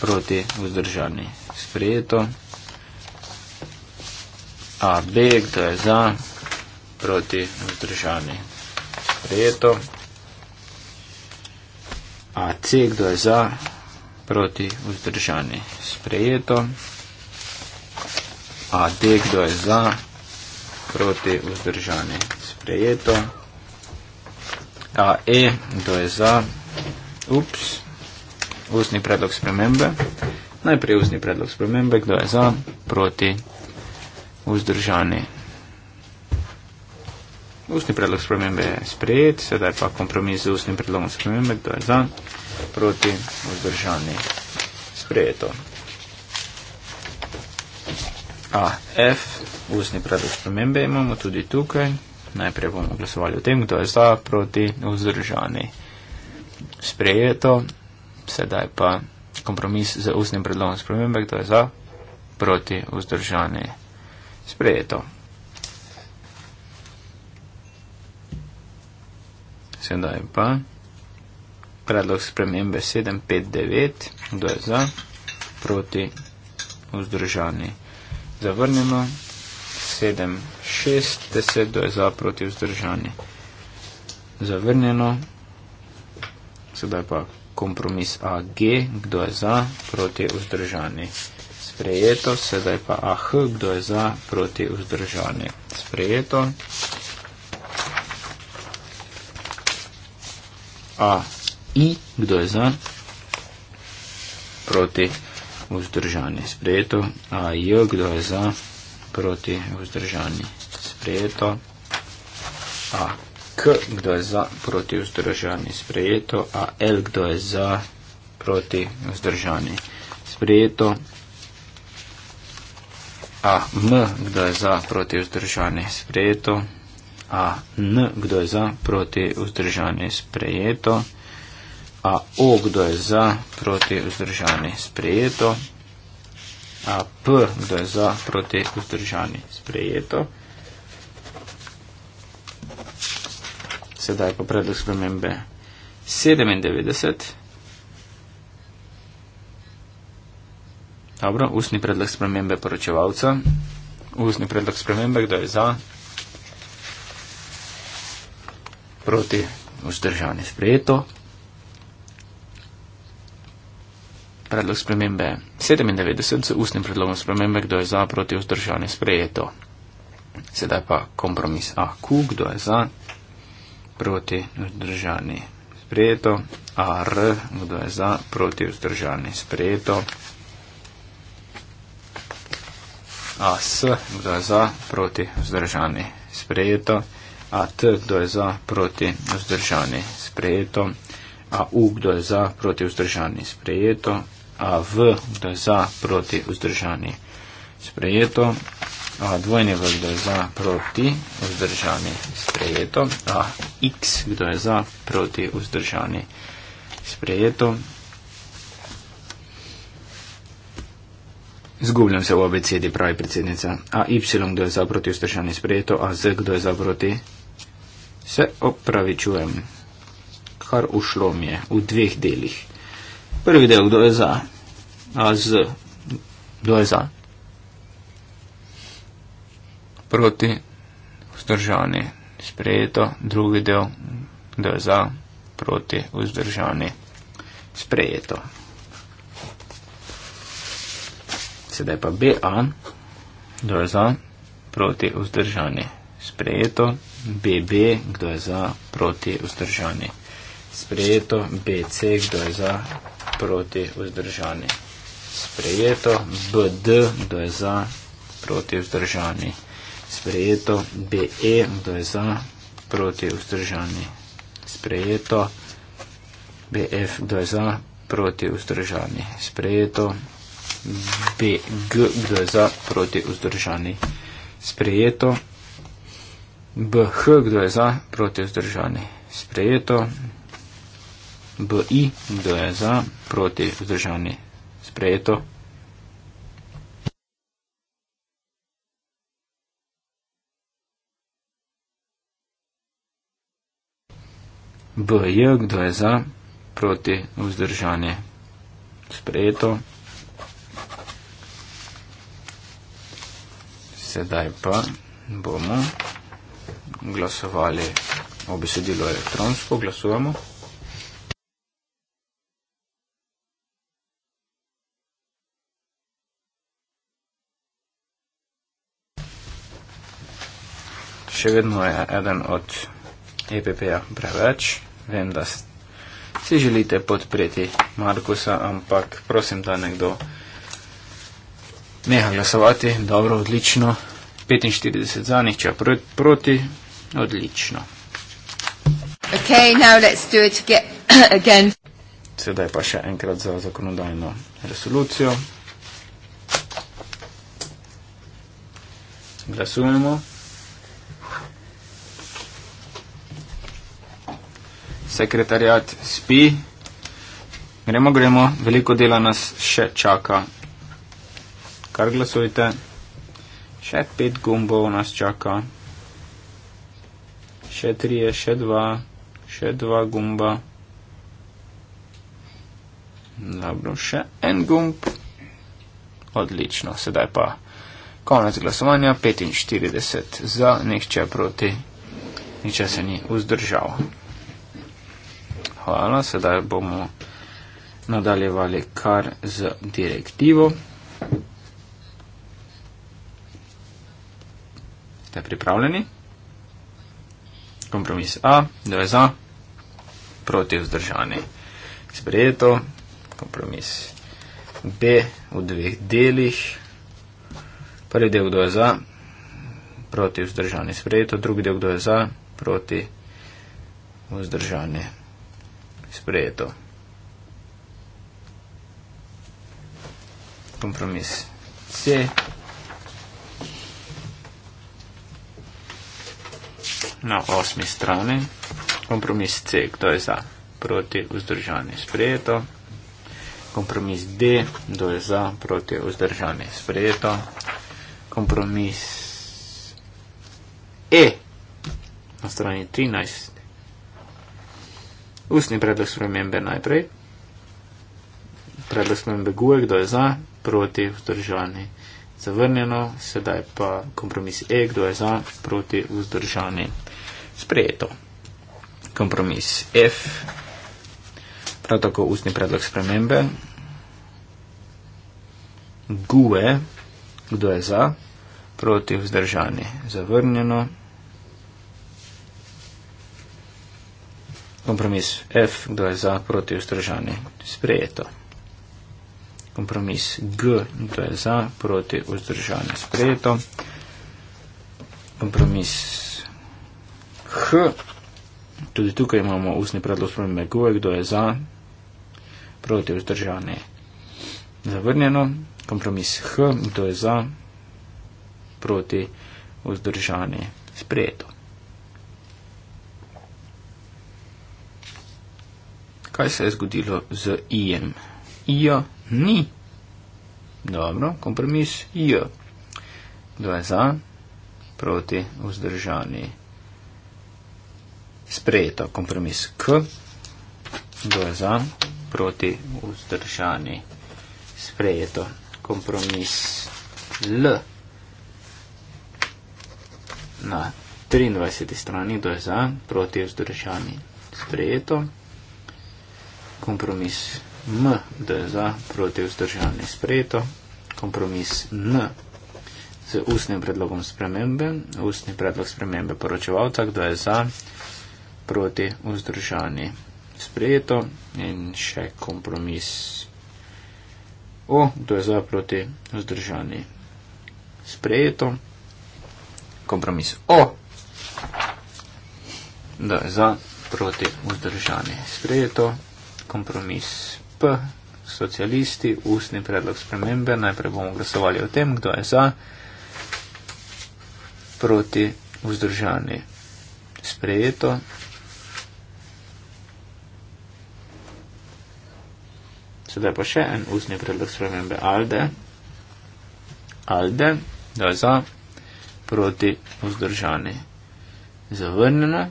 proti, vzdržani. Sprejeto. AB, kdo je za, proti, vzdržani. Sprejeto. AC, kdo je za, proti, vzdržani, sprejeto. AD, kdo je za, proti, vzdržani, sprejeto. AE, kdo je za, ups, ustni predlog spremembe. Najprej ustni predlog spremembe, kdo je za, proti, vzdržani, Ustni predlog spremembe je sprejet, sedaj pa kompromis z ustnim predlogom spremembe, kdo je za, proti, vzdržani, sprejeto. A, F, ustni predlog spremembe imamo tudi tukaj. Najprej bomo glasovali o tem, kdo je za, proti, vzdržani, sprejeto. Sedaj pa kompromis z ustnim predlogom spremembe, kdo je za, proti, vzdržani, sprejeto. sedaj pa predlog spremembe 759, kdo je za, proti, vzdržani. Zavrnjeno 760, kdo je za, proti, vzdržani. Zavrnjeno, sedaj pa kompromis AG, kdo je za, proti, vzdržani. Sprejeto, sedaj pa AH, kdo je za, proti, vzdržani. Sprejeto. AI, kdo je za, proti vzdržanje sprejeto, AI, kdo je za, proti vzdržanje sprejeto, AK, kdo je za, proti vzdržanje sprejeto, AL, kdo je za, proti vzdržanje sprejeto, AM, kdo je za, proti vzdržanje sprejeto, AM, A N, kdo je za, proti vzdržani sprejeto. A O, kdo je za, proti vzdržani sprejeto. A P, kdo je za, proti vzdržani sprejeto. Sedaj pa predlog spremembe 97. Dobro, ustni predlog spremembe poročevalca. Ustni predlog spremembe, kdo je za, proti vzdržavanju sprejeto. Predlog spremembe 97 z ustnim predlogom spremembe, kdo je za proti vzdržavanju sprejeto. Sedaj pa kompromis AQ, kdo je za proti vzdržavanju sprejeto. AR, kdo je za proti vzdržavanju sprejeto. AS, kdo je za proti vzdržavanju sprejeto. AT, kdo je za, proti, vzdržani, sprejeto. AU, kdo je za, proti, vzdržani, sprejeto. AV, kdo je za, proti, vzdržani, sprejeto. AW, kdo je za, proti, vzdržani, sprejeto. AX, kdo je za, proti, vzdržani, sprejeto. Zgubljam se v obecedi, pravi predsednica. AY, kdo je za, proti, vzdržani, sprejeto. AZ, kdo je za, proti, vzdržani, sprejeto se opravičujem, kar ušlo mi je v dveh delih. Prvi del, kdo je za, a z, kdo je za? Proti, vzdržani, sprejeto. Drugi del, kdo je za, proti, vzdržani, sprejeto. Sedaj pa B, A, kdo je za, proti, vzdržani, sprejeto. BB, kdo je za proti vzdržani. Sprejeto BC, kdo je za proti vzdržani. Sprejeto BD, kdo je za proti vzdržani. Sprejeto BE, kdo je za proti vzdržani. Sprejeto BF, kdo je za proti vzdržani. Sprejeto BG, kdo je za proti vzdržani. Sprejeto BG. BH, kdo je za, proti vzdržani, sprejeto. BI, kdo je za, proti vzdržani, sprejeto. BJ, kdo je za, proti vzdržani, sprejeto. Sedaj pa bomo glasovali o besedilu elektronsko, glasujemo. Še vedno je eden od EPP-ja preveč. Vem, da si želite podpreti Markusa, ampak prosim, da nekdo neha glasovati. Dobro, odlično. 45 zanih, če je proti, Odlično. Okay, [CLEARS THROAT] Sedaj pa še enkrat za zakonodajno resolucijo. Glasujemo. Sekretarjat spi. Gremo, gremo. Veliko dela nas še čaka. Kar glasujte? Še pet gumbov nas čaka še tri, še dva, še dva gumba. Dobro, še en gumb. Odlično, sedaj pa konec glasovanja, 45 za, nihče proti, nihče se ni vzdržal. Hvala, sedaj bomo nadaljevali kar z direktivo. Ste pripravljeni? kompromis A, da je za, proti vzdržani. Sprejeto, kompromis B v dveh delih. Prvi del, kdo je za, proti vzdržani. Sprejeto, drugi del, kdo je za, proti vzdržani. Sprejeto. Kompromis C na osmi strani. Kompromis C, kdo je za, proti, vzdržani, sprejeto. Kompromis D, kdo je za, proti, vzdržani, sprejeto. Kompromis E, na strani 13. Ustni predlog spremembe najprej. Predlog spremembe GUE, kdo je za, proti, vzdržani, sprejeto zavrnjeno, sedaj pa kompromis E, kdo je za, proti, vzdržani, sprejeto. Kompromis F, prav tako ustni predlog spremembe. GUE, kdo je za, proti, vzdržani, zavrnjeno. Kompromis F, kdo je za, proti, vzdržani, sprejeto kompromis G in to je za, proti, vzdržanje sprejeto. Kompromis H, tudi tukaj imamo ustni predlog spremembe G, kdo je za, proti, vzdržanje zavrnjeno. Kompromis H, kdo je za, proti, vzdržanje sprejeto. Kaj se je zgodilo z IM? IO ni. Dobro, kompromis J. Kdo je za? Proti vzdržani. Sprejeto kompromis K. Kdo je za? Proti vzdržani. Sprejeto kompromis L. Na 23. strani, kdo je za? Proti vzdržani. Sprejeto kompromis L. M, D za proti vzdržanje sprejeto. Kompromis N z ustnim predlogom spremembe. Ustni predlog spremembe poročevalca, kdo je za proti vzdržanje sprejeto. In še kompromis O, kdo je za proti vzdržanje sprejeto. Kompromis O, kdo je za proti vzdržanje sprejeto. Kompromis. SP, socialisti, ustni predlog spremembe. Najprej bomo glasovali o tem, kdo je za, proti, vzdržani, sprejeto. Sedaj pa še en ustni predlog spremembe Alde. Alde, da je za, proti, vzdržani, zavrnjena.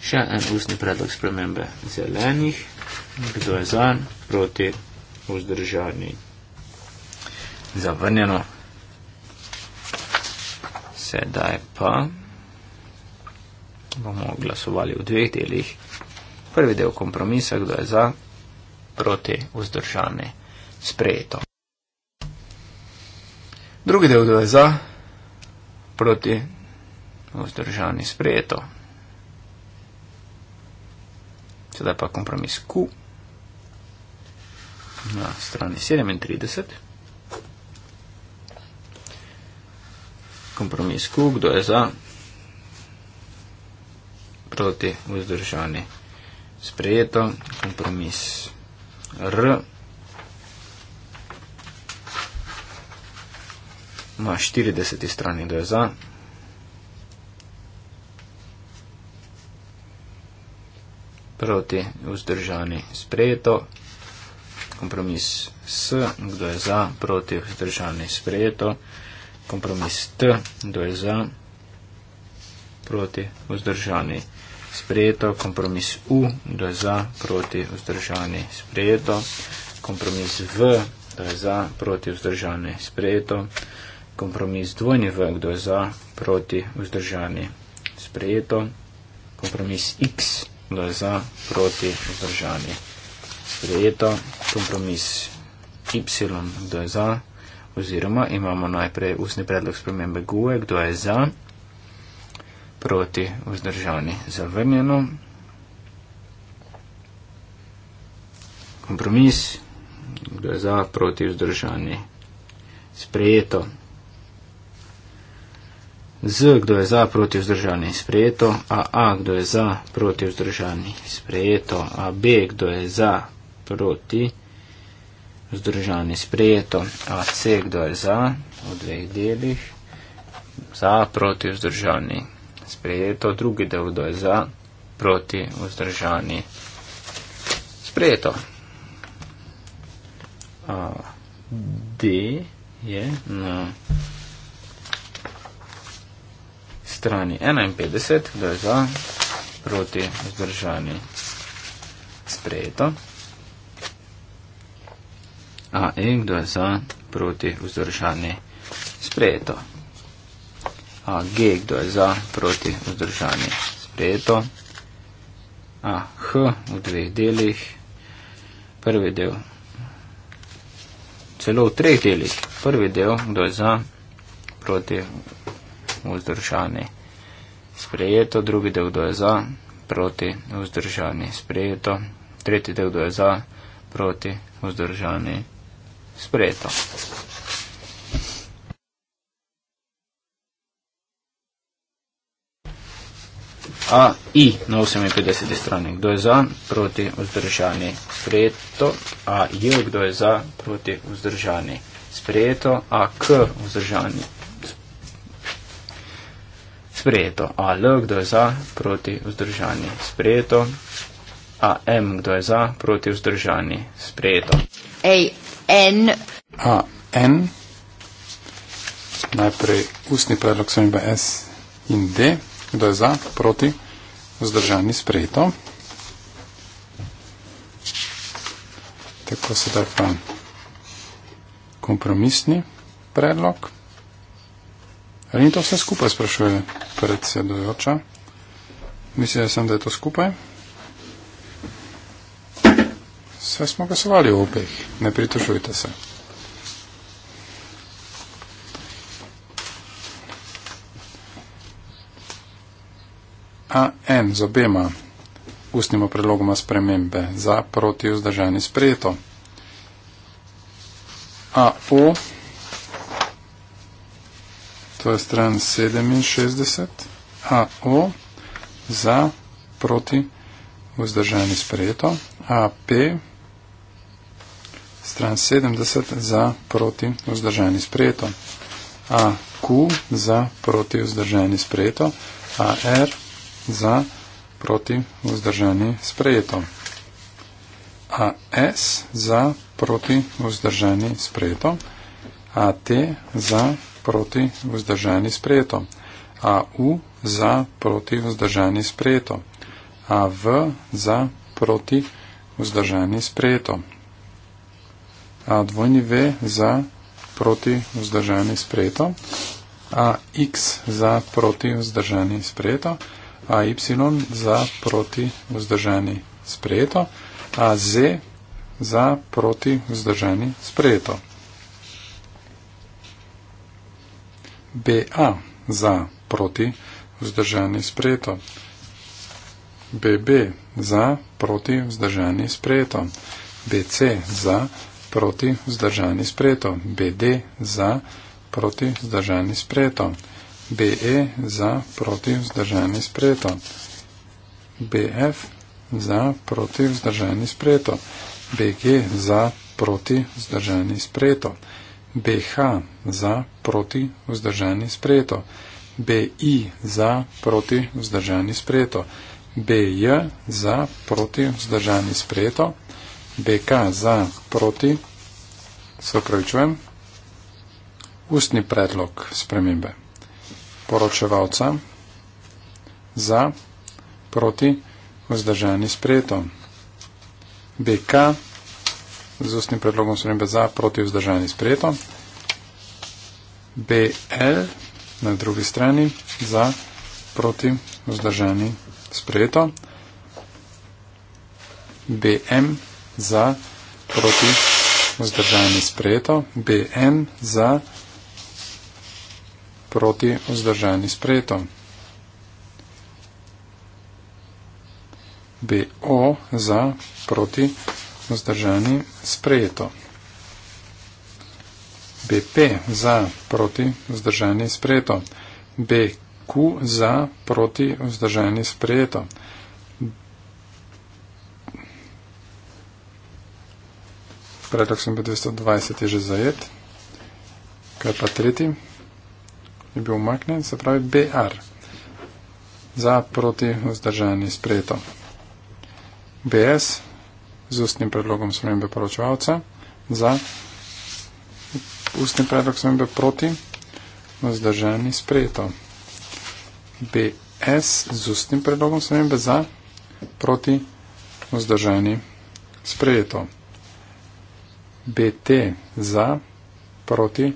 še en ustni predlog spremembe zelenih. Kdo je za, proti, vzdržani, zavrnjeno. Sedaj pa bomo glasovali v dveh delih. Prvi del kompromisa, kdo je za, proti, vzdržani, sprejeto. Drugi del, kdo je za, proti, vzdržani, sprejeto. Sedaj pa kompromis Q na strani 37. Kompromis Q, kdo je za? Proti, vzdržani. Sprejeto. Kompromis R. Na 40. strani, kdo je za? proti vzdržani sprejeto. Kompromis S, kdo je za, proti vzdržani sprejeto. Kompromis T, kdo je za, proti vzdržani sprejeto. Kompromis U, kdo je za, proti vzdržani sprejeto. Kompromis V, kdo je za, proti vzdržani sprejeto. Kompromis dvojni V, kdo je za, proti vzdržani sprejeto. Kompromis X, kdo je za, proti vzdržani sprejeto da je za, proti, vzdržanje. Sprejeto kompromis Y, kdo je za, oziroma imamo najprej usni predlog spremembe GUE, kdo je za, proti, vzdržanje. Zavrnjeno. Kompromis, kdo je za, proti, vzdržanje. Sprejeto. Z, kdo je za, proti vzdržani, sprejeto. A, A, kdo je za, proti vzdržani, sprejeto. A, B, kdo je za, proti vzdržani, sprejeto. A, C, kdo je za, v dveh delih. Za, proti vzdržani, sprejeto. Drugi del, kdo je za, proti vzdržani, sprejeto. A, D je na. No strani 51, kdo je za, proti, zdržani, sprejeto. A in e, kdo je za, proti, vzdržani, sprejeto. A G, kdo je za, proti, vzdržani, sprejeto. A H v dveh delih, prvi del, celo v treh delih, prvi del, kdo je za, proti, vzdržani, sprejeto smo vzdržani. Sprejeto, drugi del, kdo je za, proti, vzdržani. Sprejeto, tretji del, kdo je za, proti, vzdržani. Sprejeto. A, I na 58. strani. Kdo je za, proti, vzdržani. Sprejeto. A, J, kdo je za, proti, vzdržani. Sprejeto. A, K, vzdržani. Sprejeto. AL, kdo je za, proti vzdržanje. Sprejeto. AM, kdo je za, proti vzdržanje. Sprejeto. AN. AN. Najprej ustni predlog so imbe S in D. Kdo je za, proti vzdržanje. Sprejeto. Tako sedaj pa kompromisni predlog. Ali ni to vse skupaj, sprašujem? predsedujoča. Mislim, sem, da je to skupaj. Vse smo glasovali v obeh, ne pritožujte se. A en z obema ustnima predlogoma spremembe za proti vzdržanje sprejeto. A o to je stran 67, AO za, proti, vzdržani sprejeto, AP, stran 70 za, proti, vzdržani sprejeto, AQ za, proti, vzdržani sprejeto, AR za, proti, vzdržani sprejeto, AS za, proti, vzdržani sprejeto, AT za, proti, proti, vzdržani, sprejeto. AU za, proti, vzdržani, sprejeto. AV za, proti, vzdržani, sprejeto. AW za, proti, vzdržani, sprejeto. AX za, proti, vzdržani, sprejeto. AY za, proti, vzdržani, sprejeto. AZ za, proti, vzdržani, sprejeto. BA za proti, vzdržani sprejeto. BB za proti, vzdržani sprejeto. BC za proti, vzdržani sprejeto. BD za proti, vzdržani sprejeto. BE za proti, vzdržani sprejeto. BF za proti, vzdržani sprejeto. BG za proti, vzdržani sprejeto. BH za, proti, vzdržani, sprejeto. BI za, proti, vzdržani, sprejeto. BJ za, proti, vzdržani, sprejeto. BK za, proti, se upravičujem. Ustni predlog spremembe. Poročevalca za, proti, vzdržani, sprejeto. BK za, proti, vzdržani, sprejeto z ustnim predlogom spremembe za proti vzdržanju sprejeto. BL na drugi strani za proti vzdržanju sprejeto. BM za proti vzdržanju sprejeto. BN za proti vzdržanju sprejeto. BO za proti vzdržanju sprejeto smo zdržani, sprejeto. BP za proti vzdržani sprejeto. BQ za proti vzdržani sprejeto. Predlog sem bil 220 je že zajet. Kaj pa tretji? Je bil umaknen, se pravi BR. Za proti vzdržani sprejeto. BS z ustnim predlogom spremembe poročevalca, za ustni predlog spremembe proti, vzdržani sprejeto. BS z ustnim predlogom spremembe za, proti, vzdržani sprejeto. BT za, proti,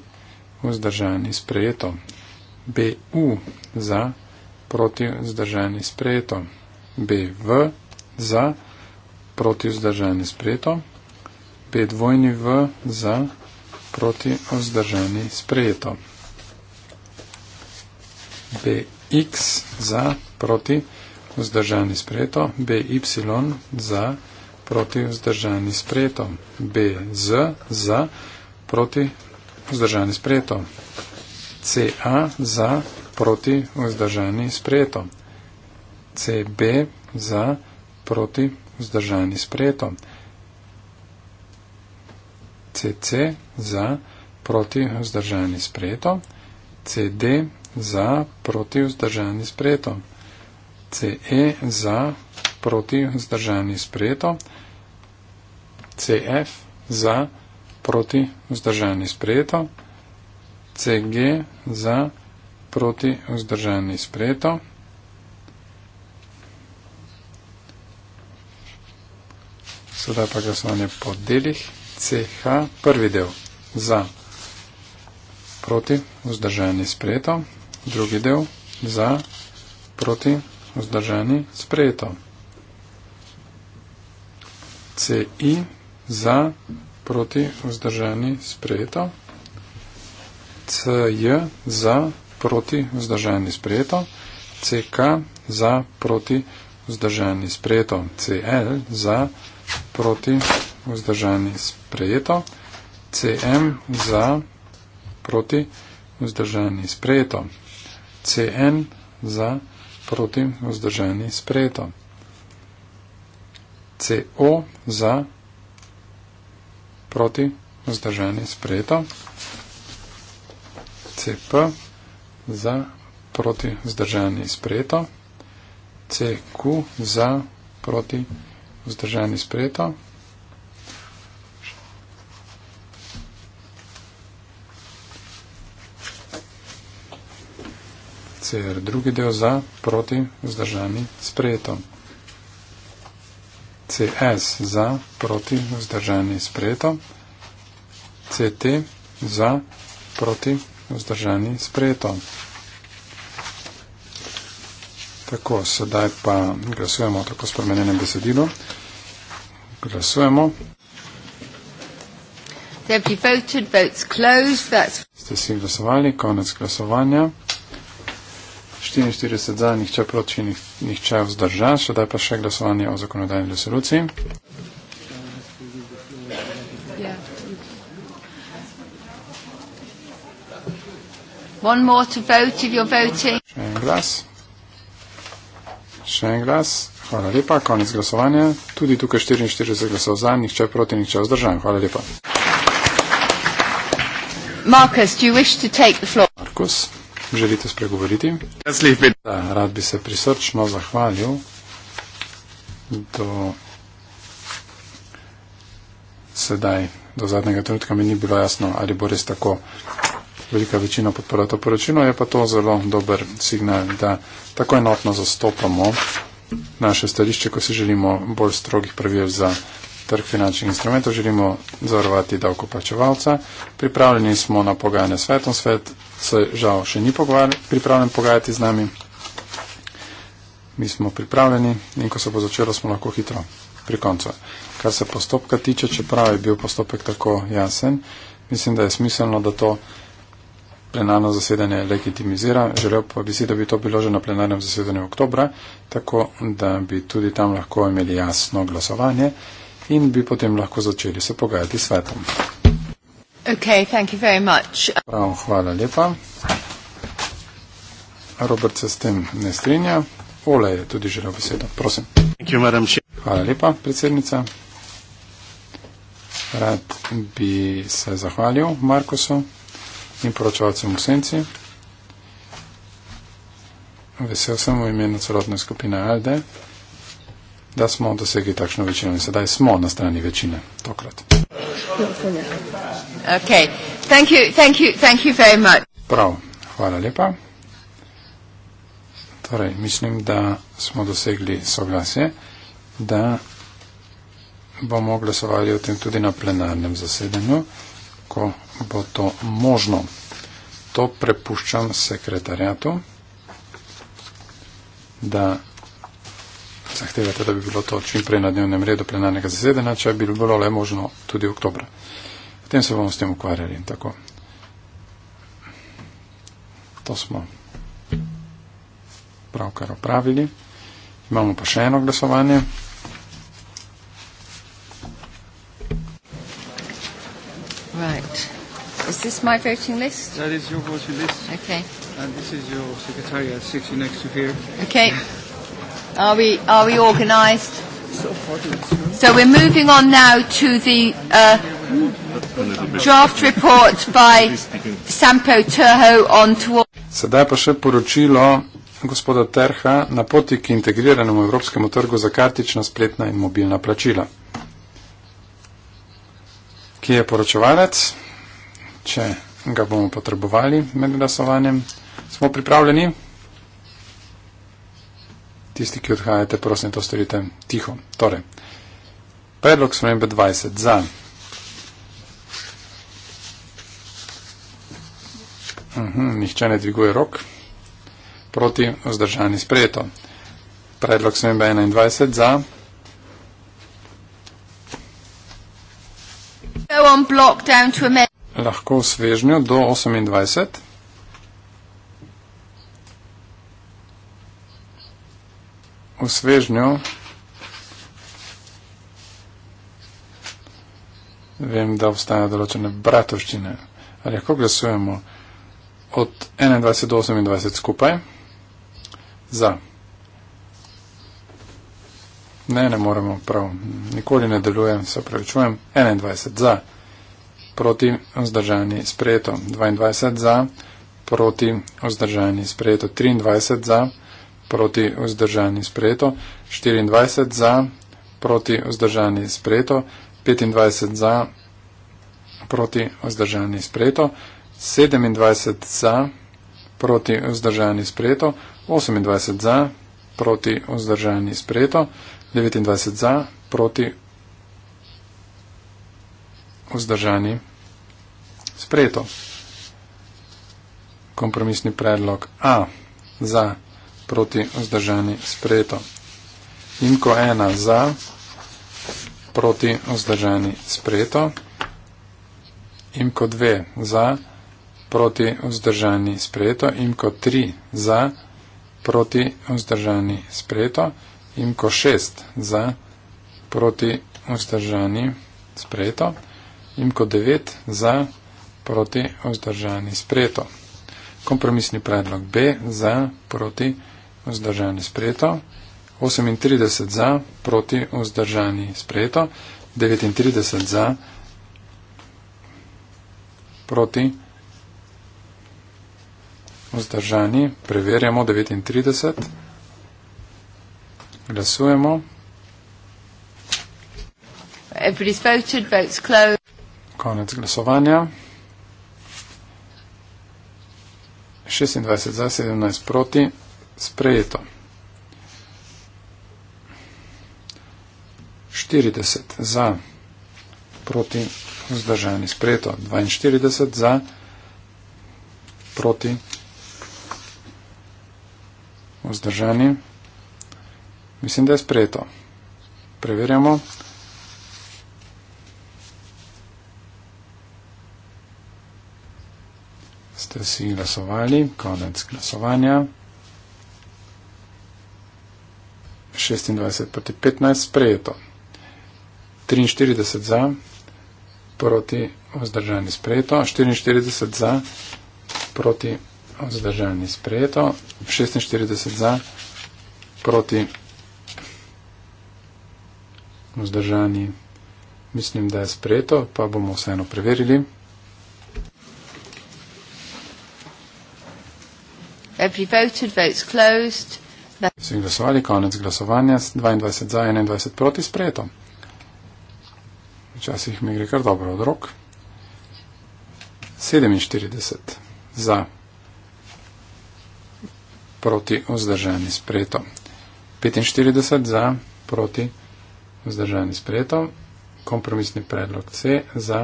vzdržani sprejeto. BU za, proti, vzdržani sprejeto. BV za, proti, vzdržani sprejeto proti vzdržani sprejeto, P dvojni V za proti vzdržani sprejeto, BX za proti vzdržani sprejeto, BY za proti vzdržani sprejeto, BZ za proti vzdržani sprejeto, CA za proti vzdržani sprejeto, CB za proti vzdržani sprejeto, vzdržani sprejeto. CC za proti vzdržani sprejeto. CD za proti vzdržani sprejeto. CE za proti vzdržani sprejeto. CF za proti vzdržani sprejeto. CG za proti vzdržani sprejeto. sedaj pa glasovanje po delih. CH, prvi del za, proti, vzdržani, sprejeto. Drugi del za, proti, vzdržani, sprejeto. CI, za, proti, vzdržani, sprejeto. CJ, za, proti, vzdržani, sprejeto. CK, za, proti, vzdržani, sprejeto. CL, za, proti, vzdržani, sprejeto proti, vzdržani, sprejeto, CM za, proti, vzdržani, sprejeto, CN za, proti, vzdržani, sprejeto, CO za, proti, vzdržani, sprejeto, CP za, proti, vzdržani, sprejeto, CQ za, proti, vzdržani, sprejeto, vzdržani sprejeto. CR drugi del za, proti, vzdržani sprejeto. CS za, proti, vzdržani sprejeto. CT za, proti, vzdržani sprejeto. Tako, sedaj pa glasujemo tako spremenjenem besedilu. Glasujemo. Voted, Ste si glasovali, konec glasovanja. 44 za, nihče proti, nihče vzdrža. Sedaj pa še glasovanje o zakonodajni resoluciji. Yeah. One more to vote if you're voting. Še en glas. Še en glas. Hvala lepa. Konec glasovanja. Tudi tukaj 44 glasov za, nihče proti, nihče vzdržan. Hvala lepa. Markus, do you wish to take the floor? Markus, želite spregovoriti? Da, rad bi se prisrčno zahvalil do sedaj, do zadnjega trenutka mi ni bilo jasno, ali bo res tako velika večina podpora to poročilo, je pa to zelo dober signal, da tako enotno zastopamo naše stališče, ko si želimo bolj strogih pravil za trg finančnih instrumentov, želimo zavarovati davkoplačevalca. Pripravljeni smo na pogajanje s svetom. Svet se žal še ni pripravljen pogajati z nami. Mi smo pripravljeni in ko se bo začelo, smo lahko hitro pri koncu. Kar se postopka tiče, čeprav je bil postopek tako jasen, mislim, da je smiselno, da to plenarno zasedanje legitimizira. Želel pa bi si, da bi to bilo že na plenarnem zasedanju oktobra, tako da bi tudi tam lahko imeli jasno glasovanje in bi potem lahko začeli se pogajati s svetom. Okay, thank you very much. Prav, hvala lepa. Robert se s tem ne strinja. Ole je tudi želel besedo. Prosim. Thank you, hvala lepa, predsednica. Rad bi se zahvalil Markusu in poročalcem v senci. Vesel sem v imenu celotne skupine Alde, da smo dosegli takšno večino in sedaj smo na strani večine, tokrat. Okay. Thank you, thank you, thank you very much. Prav, hvala lepa. Torej, mislim, da smo dosegli soglasje, da bomo glasovali o tem tudi na plenarnem zasedanju, ko bo to možno. To prepuščam sekretarjatu, da zahtevate, da bi bilo to čim prej na dnevnem redu plenarnega zasedanja, če bi bilo le možno tudi oktobra. Potem se bomo s tem ukvarjali in tako. To smo pravkar opravili. Imamo pa še eno glasovanje. my voting list? That is your voting list. Okay. And this is your secretariat sitting next to here. Okay. Are we, are we organised? So we're moving on now to the uh, draft report by Sampo Turho on towards... Sedaj pa še poročilo gospoda Terha na poti k integriranemu evropskemu trgu za kartična, spletna in mobilna plačila. Kje je poročevalec? če ga bomo potrebovali med glasovanjem. Smo pripravljeni? Tisti, ki odhajate, prosim, to storite tiho. Torej, predlog smembe 20 za. Uhum, nihče ne dviguje rok. Proti vzdržani sprejeto. Predlog smembe 21 za. Go on block down to a lahko svežnjo do 28. V svežnju vem, da obstajajo določene bratovščine. Lahko glasujemo od 21 do 28 skupaj za. Ne, ne moremo prav. Nikoli ne delujem, se pravičujem. 21 za proti vzdržani sprejeto 22 za, proti vzdržani sprejeto 23 za, proti vzdržani sprejeto 24 za, proti vzdržani sprejeto 25 za, proti vzdržani sprejeto 27 za, proti vzdržani sprejeto 28 za, proti vzdržani sprejeto 29 za, proti vzdržani. Sprejeto. Kompromisni predlog A za proti vzdržani sprejeto. Inko ena za proti vzdržani sprejeto. Imko 2 za, proti vzdržani sprejeto, imko 3 za, proti vzdržani sprejeto, imko 6 za, proti vzdržani sprejeto in kot devet za proti vzdržani spreto. Kompromisni predlog B za proti vzdržani spreto. 38 za proti vzdržani spreto. 39 za proti vzdržani. Preverjamo 39. Glasujemo. Everybody's voted, votes closed konec glasovanja. 26 za 17 proti sprejeto. 40 za proti vzdržani sprejeto. 42 za proti vzdržani. Mislim, da je sprejeto. Preverjamo. ste si glasovali, konec glasovanja. 26 proti 15, sprejeto. 43 za, proti vzdržani sprejeto. 44 za, proti vzdržani sprejeto. 46 za, proti vzdržani. Mislim, da je sprejeto, pa bomo vseeno preverili. Every voted, votes closed. Vsi glasovali, konec glasovanja, 22 za, 21 proti, sprejeto. Včasih mi gre kar dobro od rok. 47 za, proti, vzdržani, sprejeto. 45 za, proti, vzdržani, sprejeto. Kompromisni predlog C za,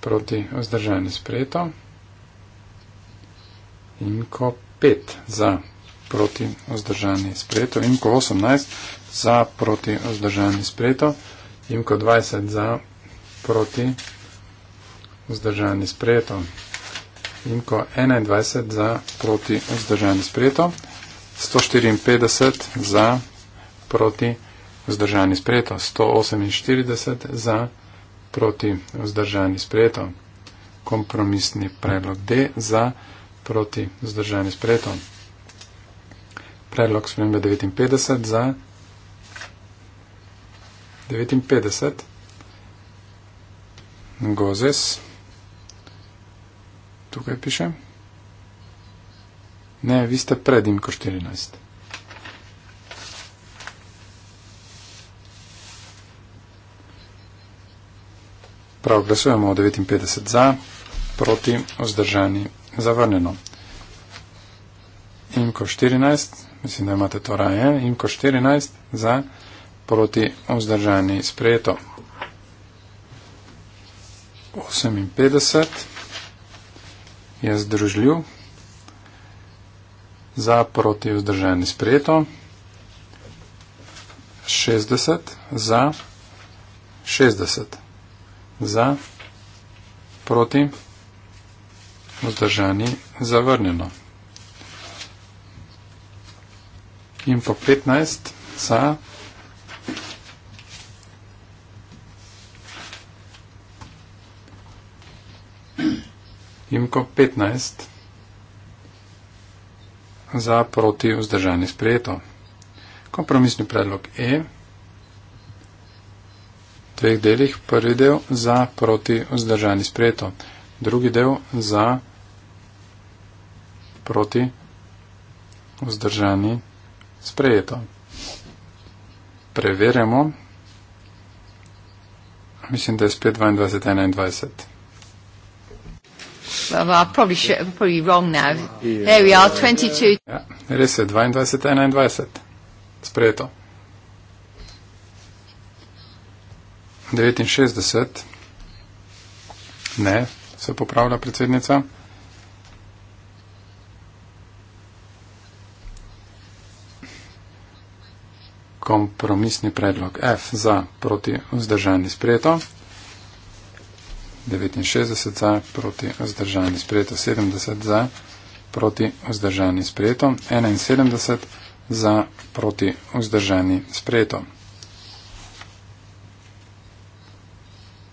proti, vzdržani, sprejeto. In ko 5 za proti vzdržanje spreto, imko 18 za proti vzdržanje spreto, imko 20 za proti vzdržanje spreto, imko 21 za proti vzdržanje spreto, 154 za proti vzdržanje spreto, 148 za proti vzdržanje spreto, kompromisni predlog D za proti proti, zdržani sprejeto. Predlog spremembe 59 za 59. Gozes. Tukaj piše. Ne, vi ste pred imko 14. Prav glasujemo o 59 za, proti, vzdržani zavrnjeno. Imko 14, mislim, da imate to raje, imko 14 za proti vzdržani sprejeto. 58 je združljiv za proti vzdržani sprejeto. 60 za 60 za proti vzdržani sprejeto vzdržani zavrnjeno. In po 15 sa in ko 15 za proti vzdržani sprejeto. Kompromisni predlog E v dveh delih prvi del za proti vzdržani sprejeto. Drugi del za proti proti, vzdržani, sprejeto. Preverjamo. Mislim, da je spet 22.21. Well, well, I probably should, I'm probably wrong now. Yeah. There we are, 22. Yeah, it is 22.21. Sprejeto. 69. Ne, se popravlja predsednica. kompromisni predlog F za proti vzdržani sprejeto. 69 za proti vzdržani sprejeto. 70 za proti vzdržani sprejeto. 71 za proti vzdržani sprejeto.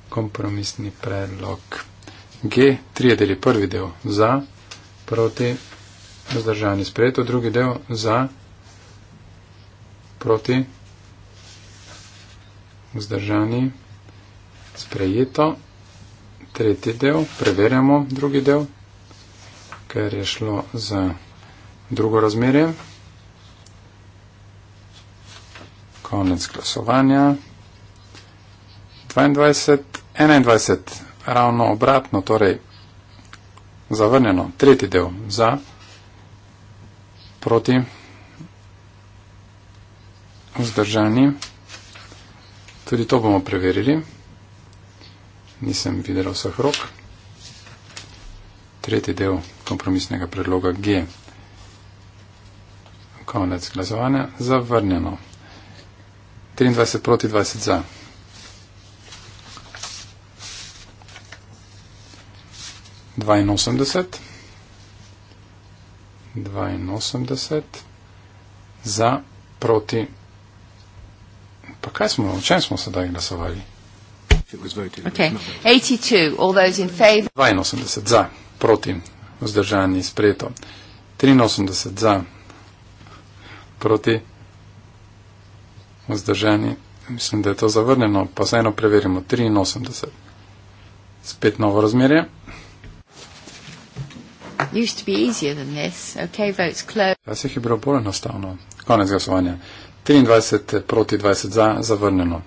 Kompromisni predlog G. Trije deli. Prvi del za proti vzdržani sprejeto. Drugi del za proti proti, vzdržani, sprejeto. Tretji del, preverjamo drugi del, ker je šlo za drugo razmerje. Konec glasovanja. 22, 21, ravno obratno, torej zavrnjeno. Tretji del, za, proti, vzdržani vzdržani. Tudi to bomo preverili. Nisem videl vseh rok. Tretji del kompromisnega predloga G. Konec glasovanja. Zavrnjeno. 23 proti 20 za. Dvainosemdeset. Dvainosemdeset. Za proti 20. Kaj smo, o čem smo sedaj glasovali? Okay. 82, all those in favor. 82 za, proti, vzdržani, sprejeto. 83 za, proti, vzdržani, mislim, da je to zavrnjeno, pa se eno preverimo. 83, spet novo razmerje. Used to be easier than this. Okay, votes closed. Vas je bilo bolj enostavno. Konec glasovanja. 23 proti 20 za, zavrnjeno.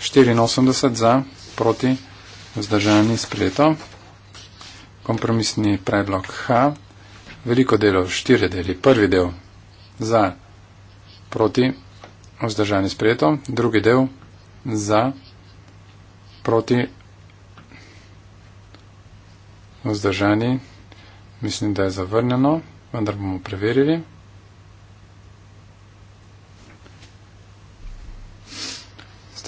84 za, proti, vzdržani, sprejeto. Kompromisni predlog H. Veliko delo, štiri deli. Prvi del za, proti, vzdržani, sprejeto. Drugi del za, proti, vzdržani, mislim, da je zavrnjeno, vendar bomo preverili.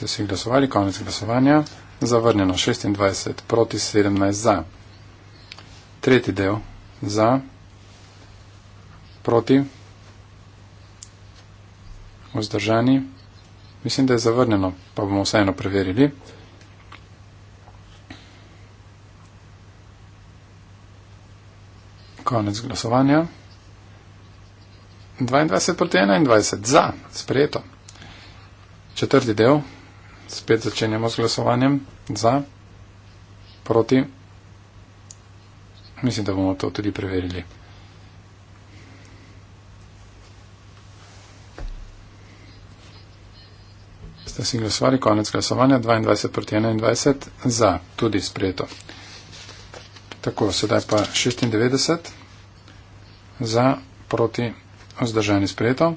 ste vsi glasovali, konec glasovanja, zavrnjeno 26 proti 17 za. Tretji del za, proti, vzdržani, mislim, da je zavrnjeno, pa bomo vseeno preverili. Konec glasovanja. 22 proti 21 za, sprejeto. Četrti del, Spet začenjamo s glasovanjem za, proti. Mislim, da bomo to tudi preverili. Ste si glasovali, konec glasovanja, 22 proti 21, za, tudi sprejeto. Tako, sedaj pa 96, za, proti, vzdržani sprejeto.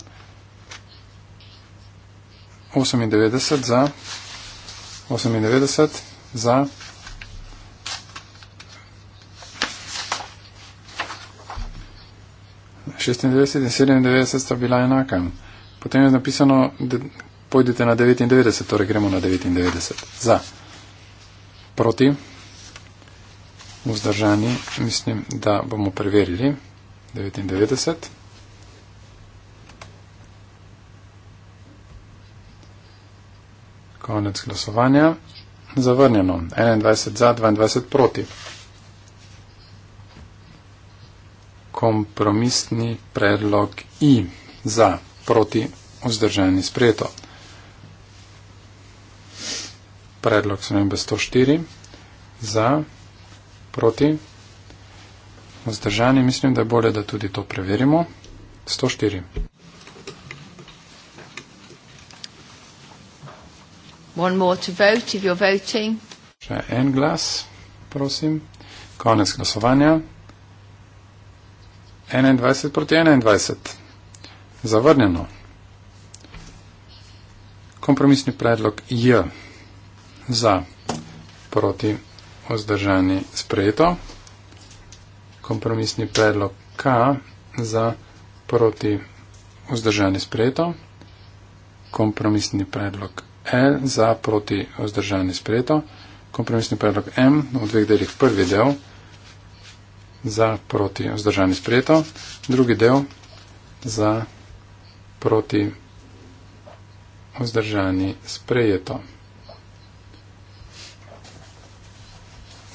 98 za. 98 za. in 97 sta bila enaka. Potem je napisano, da pojdete na 99, torej gremo na 99. Za. Proti. Vzdržani, mislim, da bomo preverili. 99. Konec glasovanja. Zavrnjeno. 21 za, 22 proti. Kompromisni predlog I. Za, proti, vzdržani sprejeto. Predlog spremembe 104. Za, proti, vzdržani. Mislim, da je bolje, da tudi to preverimo. 104. One more to vote if you're voting. Še en glas, prosim. Konec glasovanja. 21 proti 21. Zavrnjeno. Kompromisni predlog J za proti vzdržani sprejeto. Kompromisni predlog K za proti vzdržani sprejeto. Kompromisni predlog L za proti vzdržanje sprejeto, kompromisni predlog M v dveh delih prvi del za proti vzdržanje sprejeto, drugi del za proti vzdržanje sprejeto.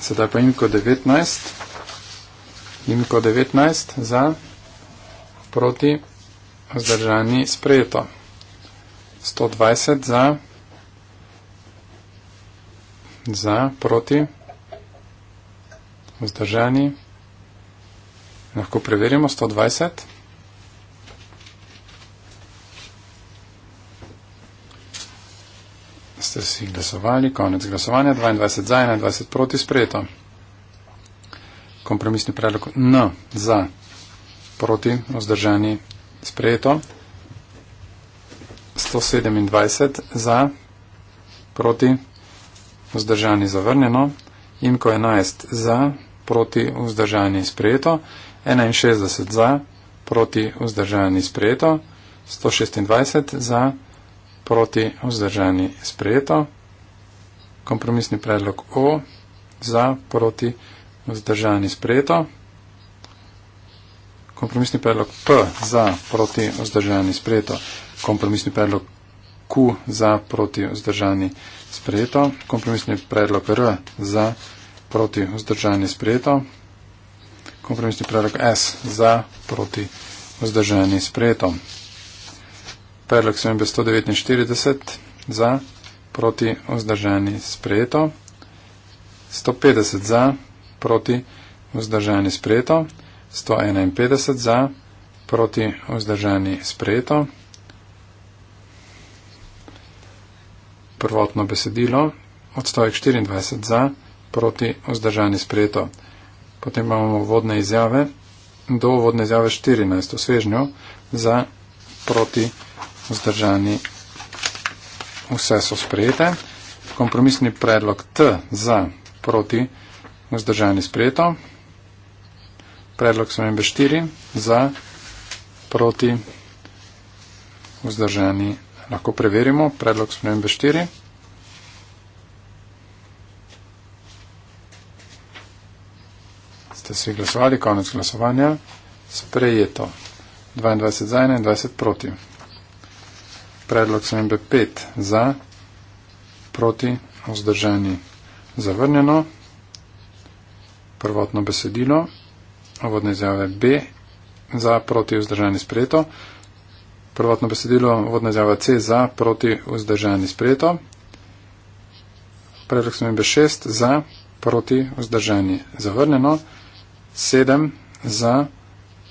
Sedaj pa imko 19, imko 19 za proti vzdržanje sprejeto, 120 za proti vzdržanje sprejeto za, proti, vzdržani, lahko preverimo 120. Ste si glasovali, konec glasovanja, 22 za, 21 proti, sprejeto. Kompromisni predlog N za, proti, vzdržani, sprejeto. 127 za, proti, vzdržani vzdržani zavrnjeno in ko 11 za, proti vzdržani sprejeto, 61 za, proti vzdržani sprejeto, 126 za, proti vzdržani sprejeto, kompromisni predlog O za, proti vzdržani sprejeto, kompromisni predlog P za, proti vzdržani sprejeto, kompromisni predlog Q za proti vzdržani sprejeto. Kompromisni predlog R za proti vzdržani sprejeto. Kompromisni predlog S za proti vzdržani sprejeto. Predlog sem 149 za proti vzdržani sprejeto. 150 za proti vzdržani sprejeto. 151 za proti vzdržani sprejeto. prvotno besedilo, odstojek 24 za, proti vzdržani sprejeto. Potem imamo vodne izjave, do vodne izjave 14 v svežnju, za, proti vzdržani, vse so sprejete. Kompromisni predlog T za, proti vzdržani sprejeto. Predlog smembe 4 za, proti vzdržani sprejeto lahko preverimo, predlog spremembe 4. Ste si glasovali, konec glasovanja, sprejeto. 22 za, 21 proti. Predlog spremembe 5 za, proti, vzdržani, zavrnjeno. Prvotno besedilo, ovodne izjave B, za, proti, vzdržani, sprejeto prvotno besedilo vodna izjava C za proti vzdržani sprejeto. Predlog smembe 6 za proti vzdržani zavrnjeno. 7 za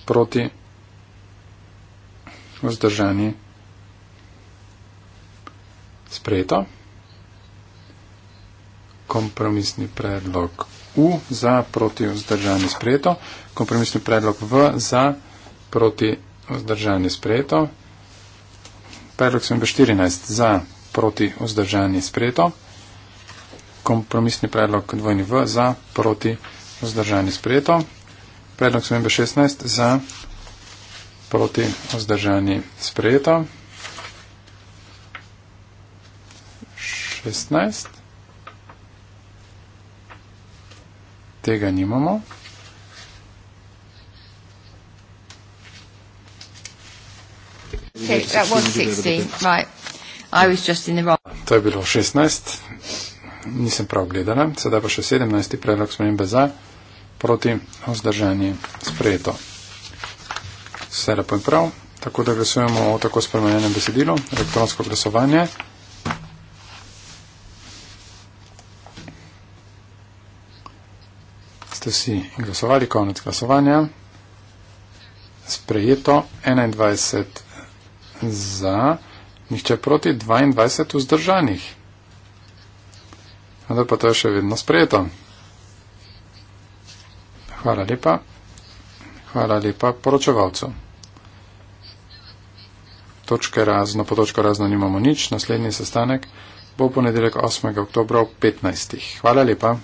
proti vzdržani sprejeto. Kompromisni predlog U za proti vzdržani sprejeto. Kompromisni predlog V za proti vzdržani sprejeto predlog sem bil 14 za proti vzdržanje sprejeto, kompromisni predlog dvojni v za proti vzdržanje sprejeto, predlog sem bil 16 za proti vzdržanje sprejeto, 16. Tega nimamo. that was 16, right. I was just in the wrong. To je bilo 16, nisem prav gledala, sedaj pa še 17. predlog spremembe za, proti, vzdržanje, sprejeto. Vse lepo in prav, tako da glasujemo o tako spremenjenem besedilu, elektronsko glasovanje. Ste vsi glasovali, konec glasovanja. Sprejeto 21 za, nihče proti 22 vzdržanih. Vendar pa to je še vedno sprejeto. Hvala lepa. Hvala lepa poročevalcu. Točke razno, po točko razno nimamo nič. Naslednji sestanek bo ponedeljek 8. oktober ob 15. Hvala lepa.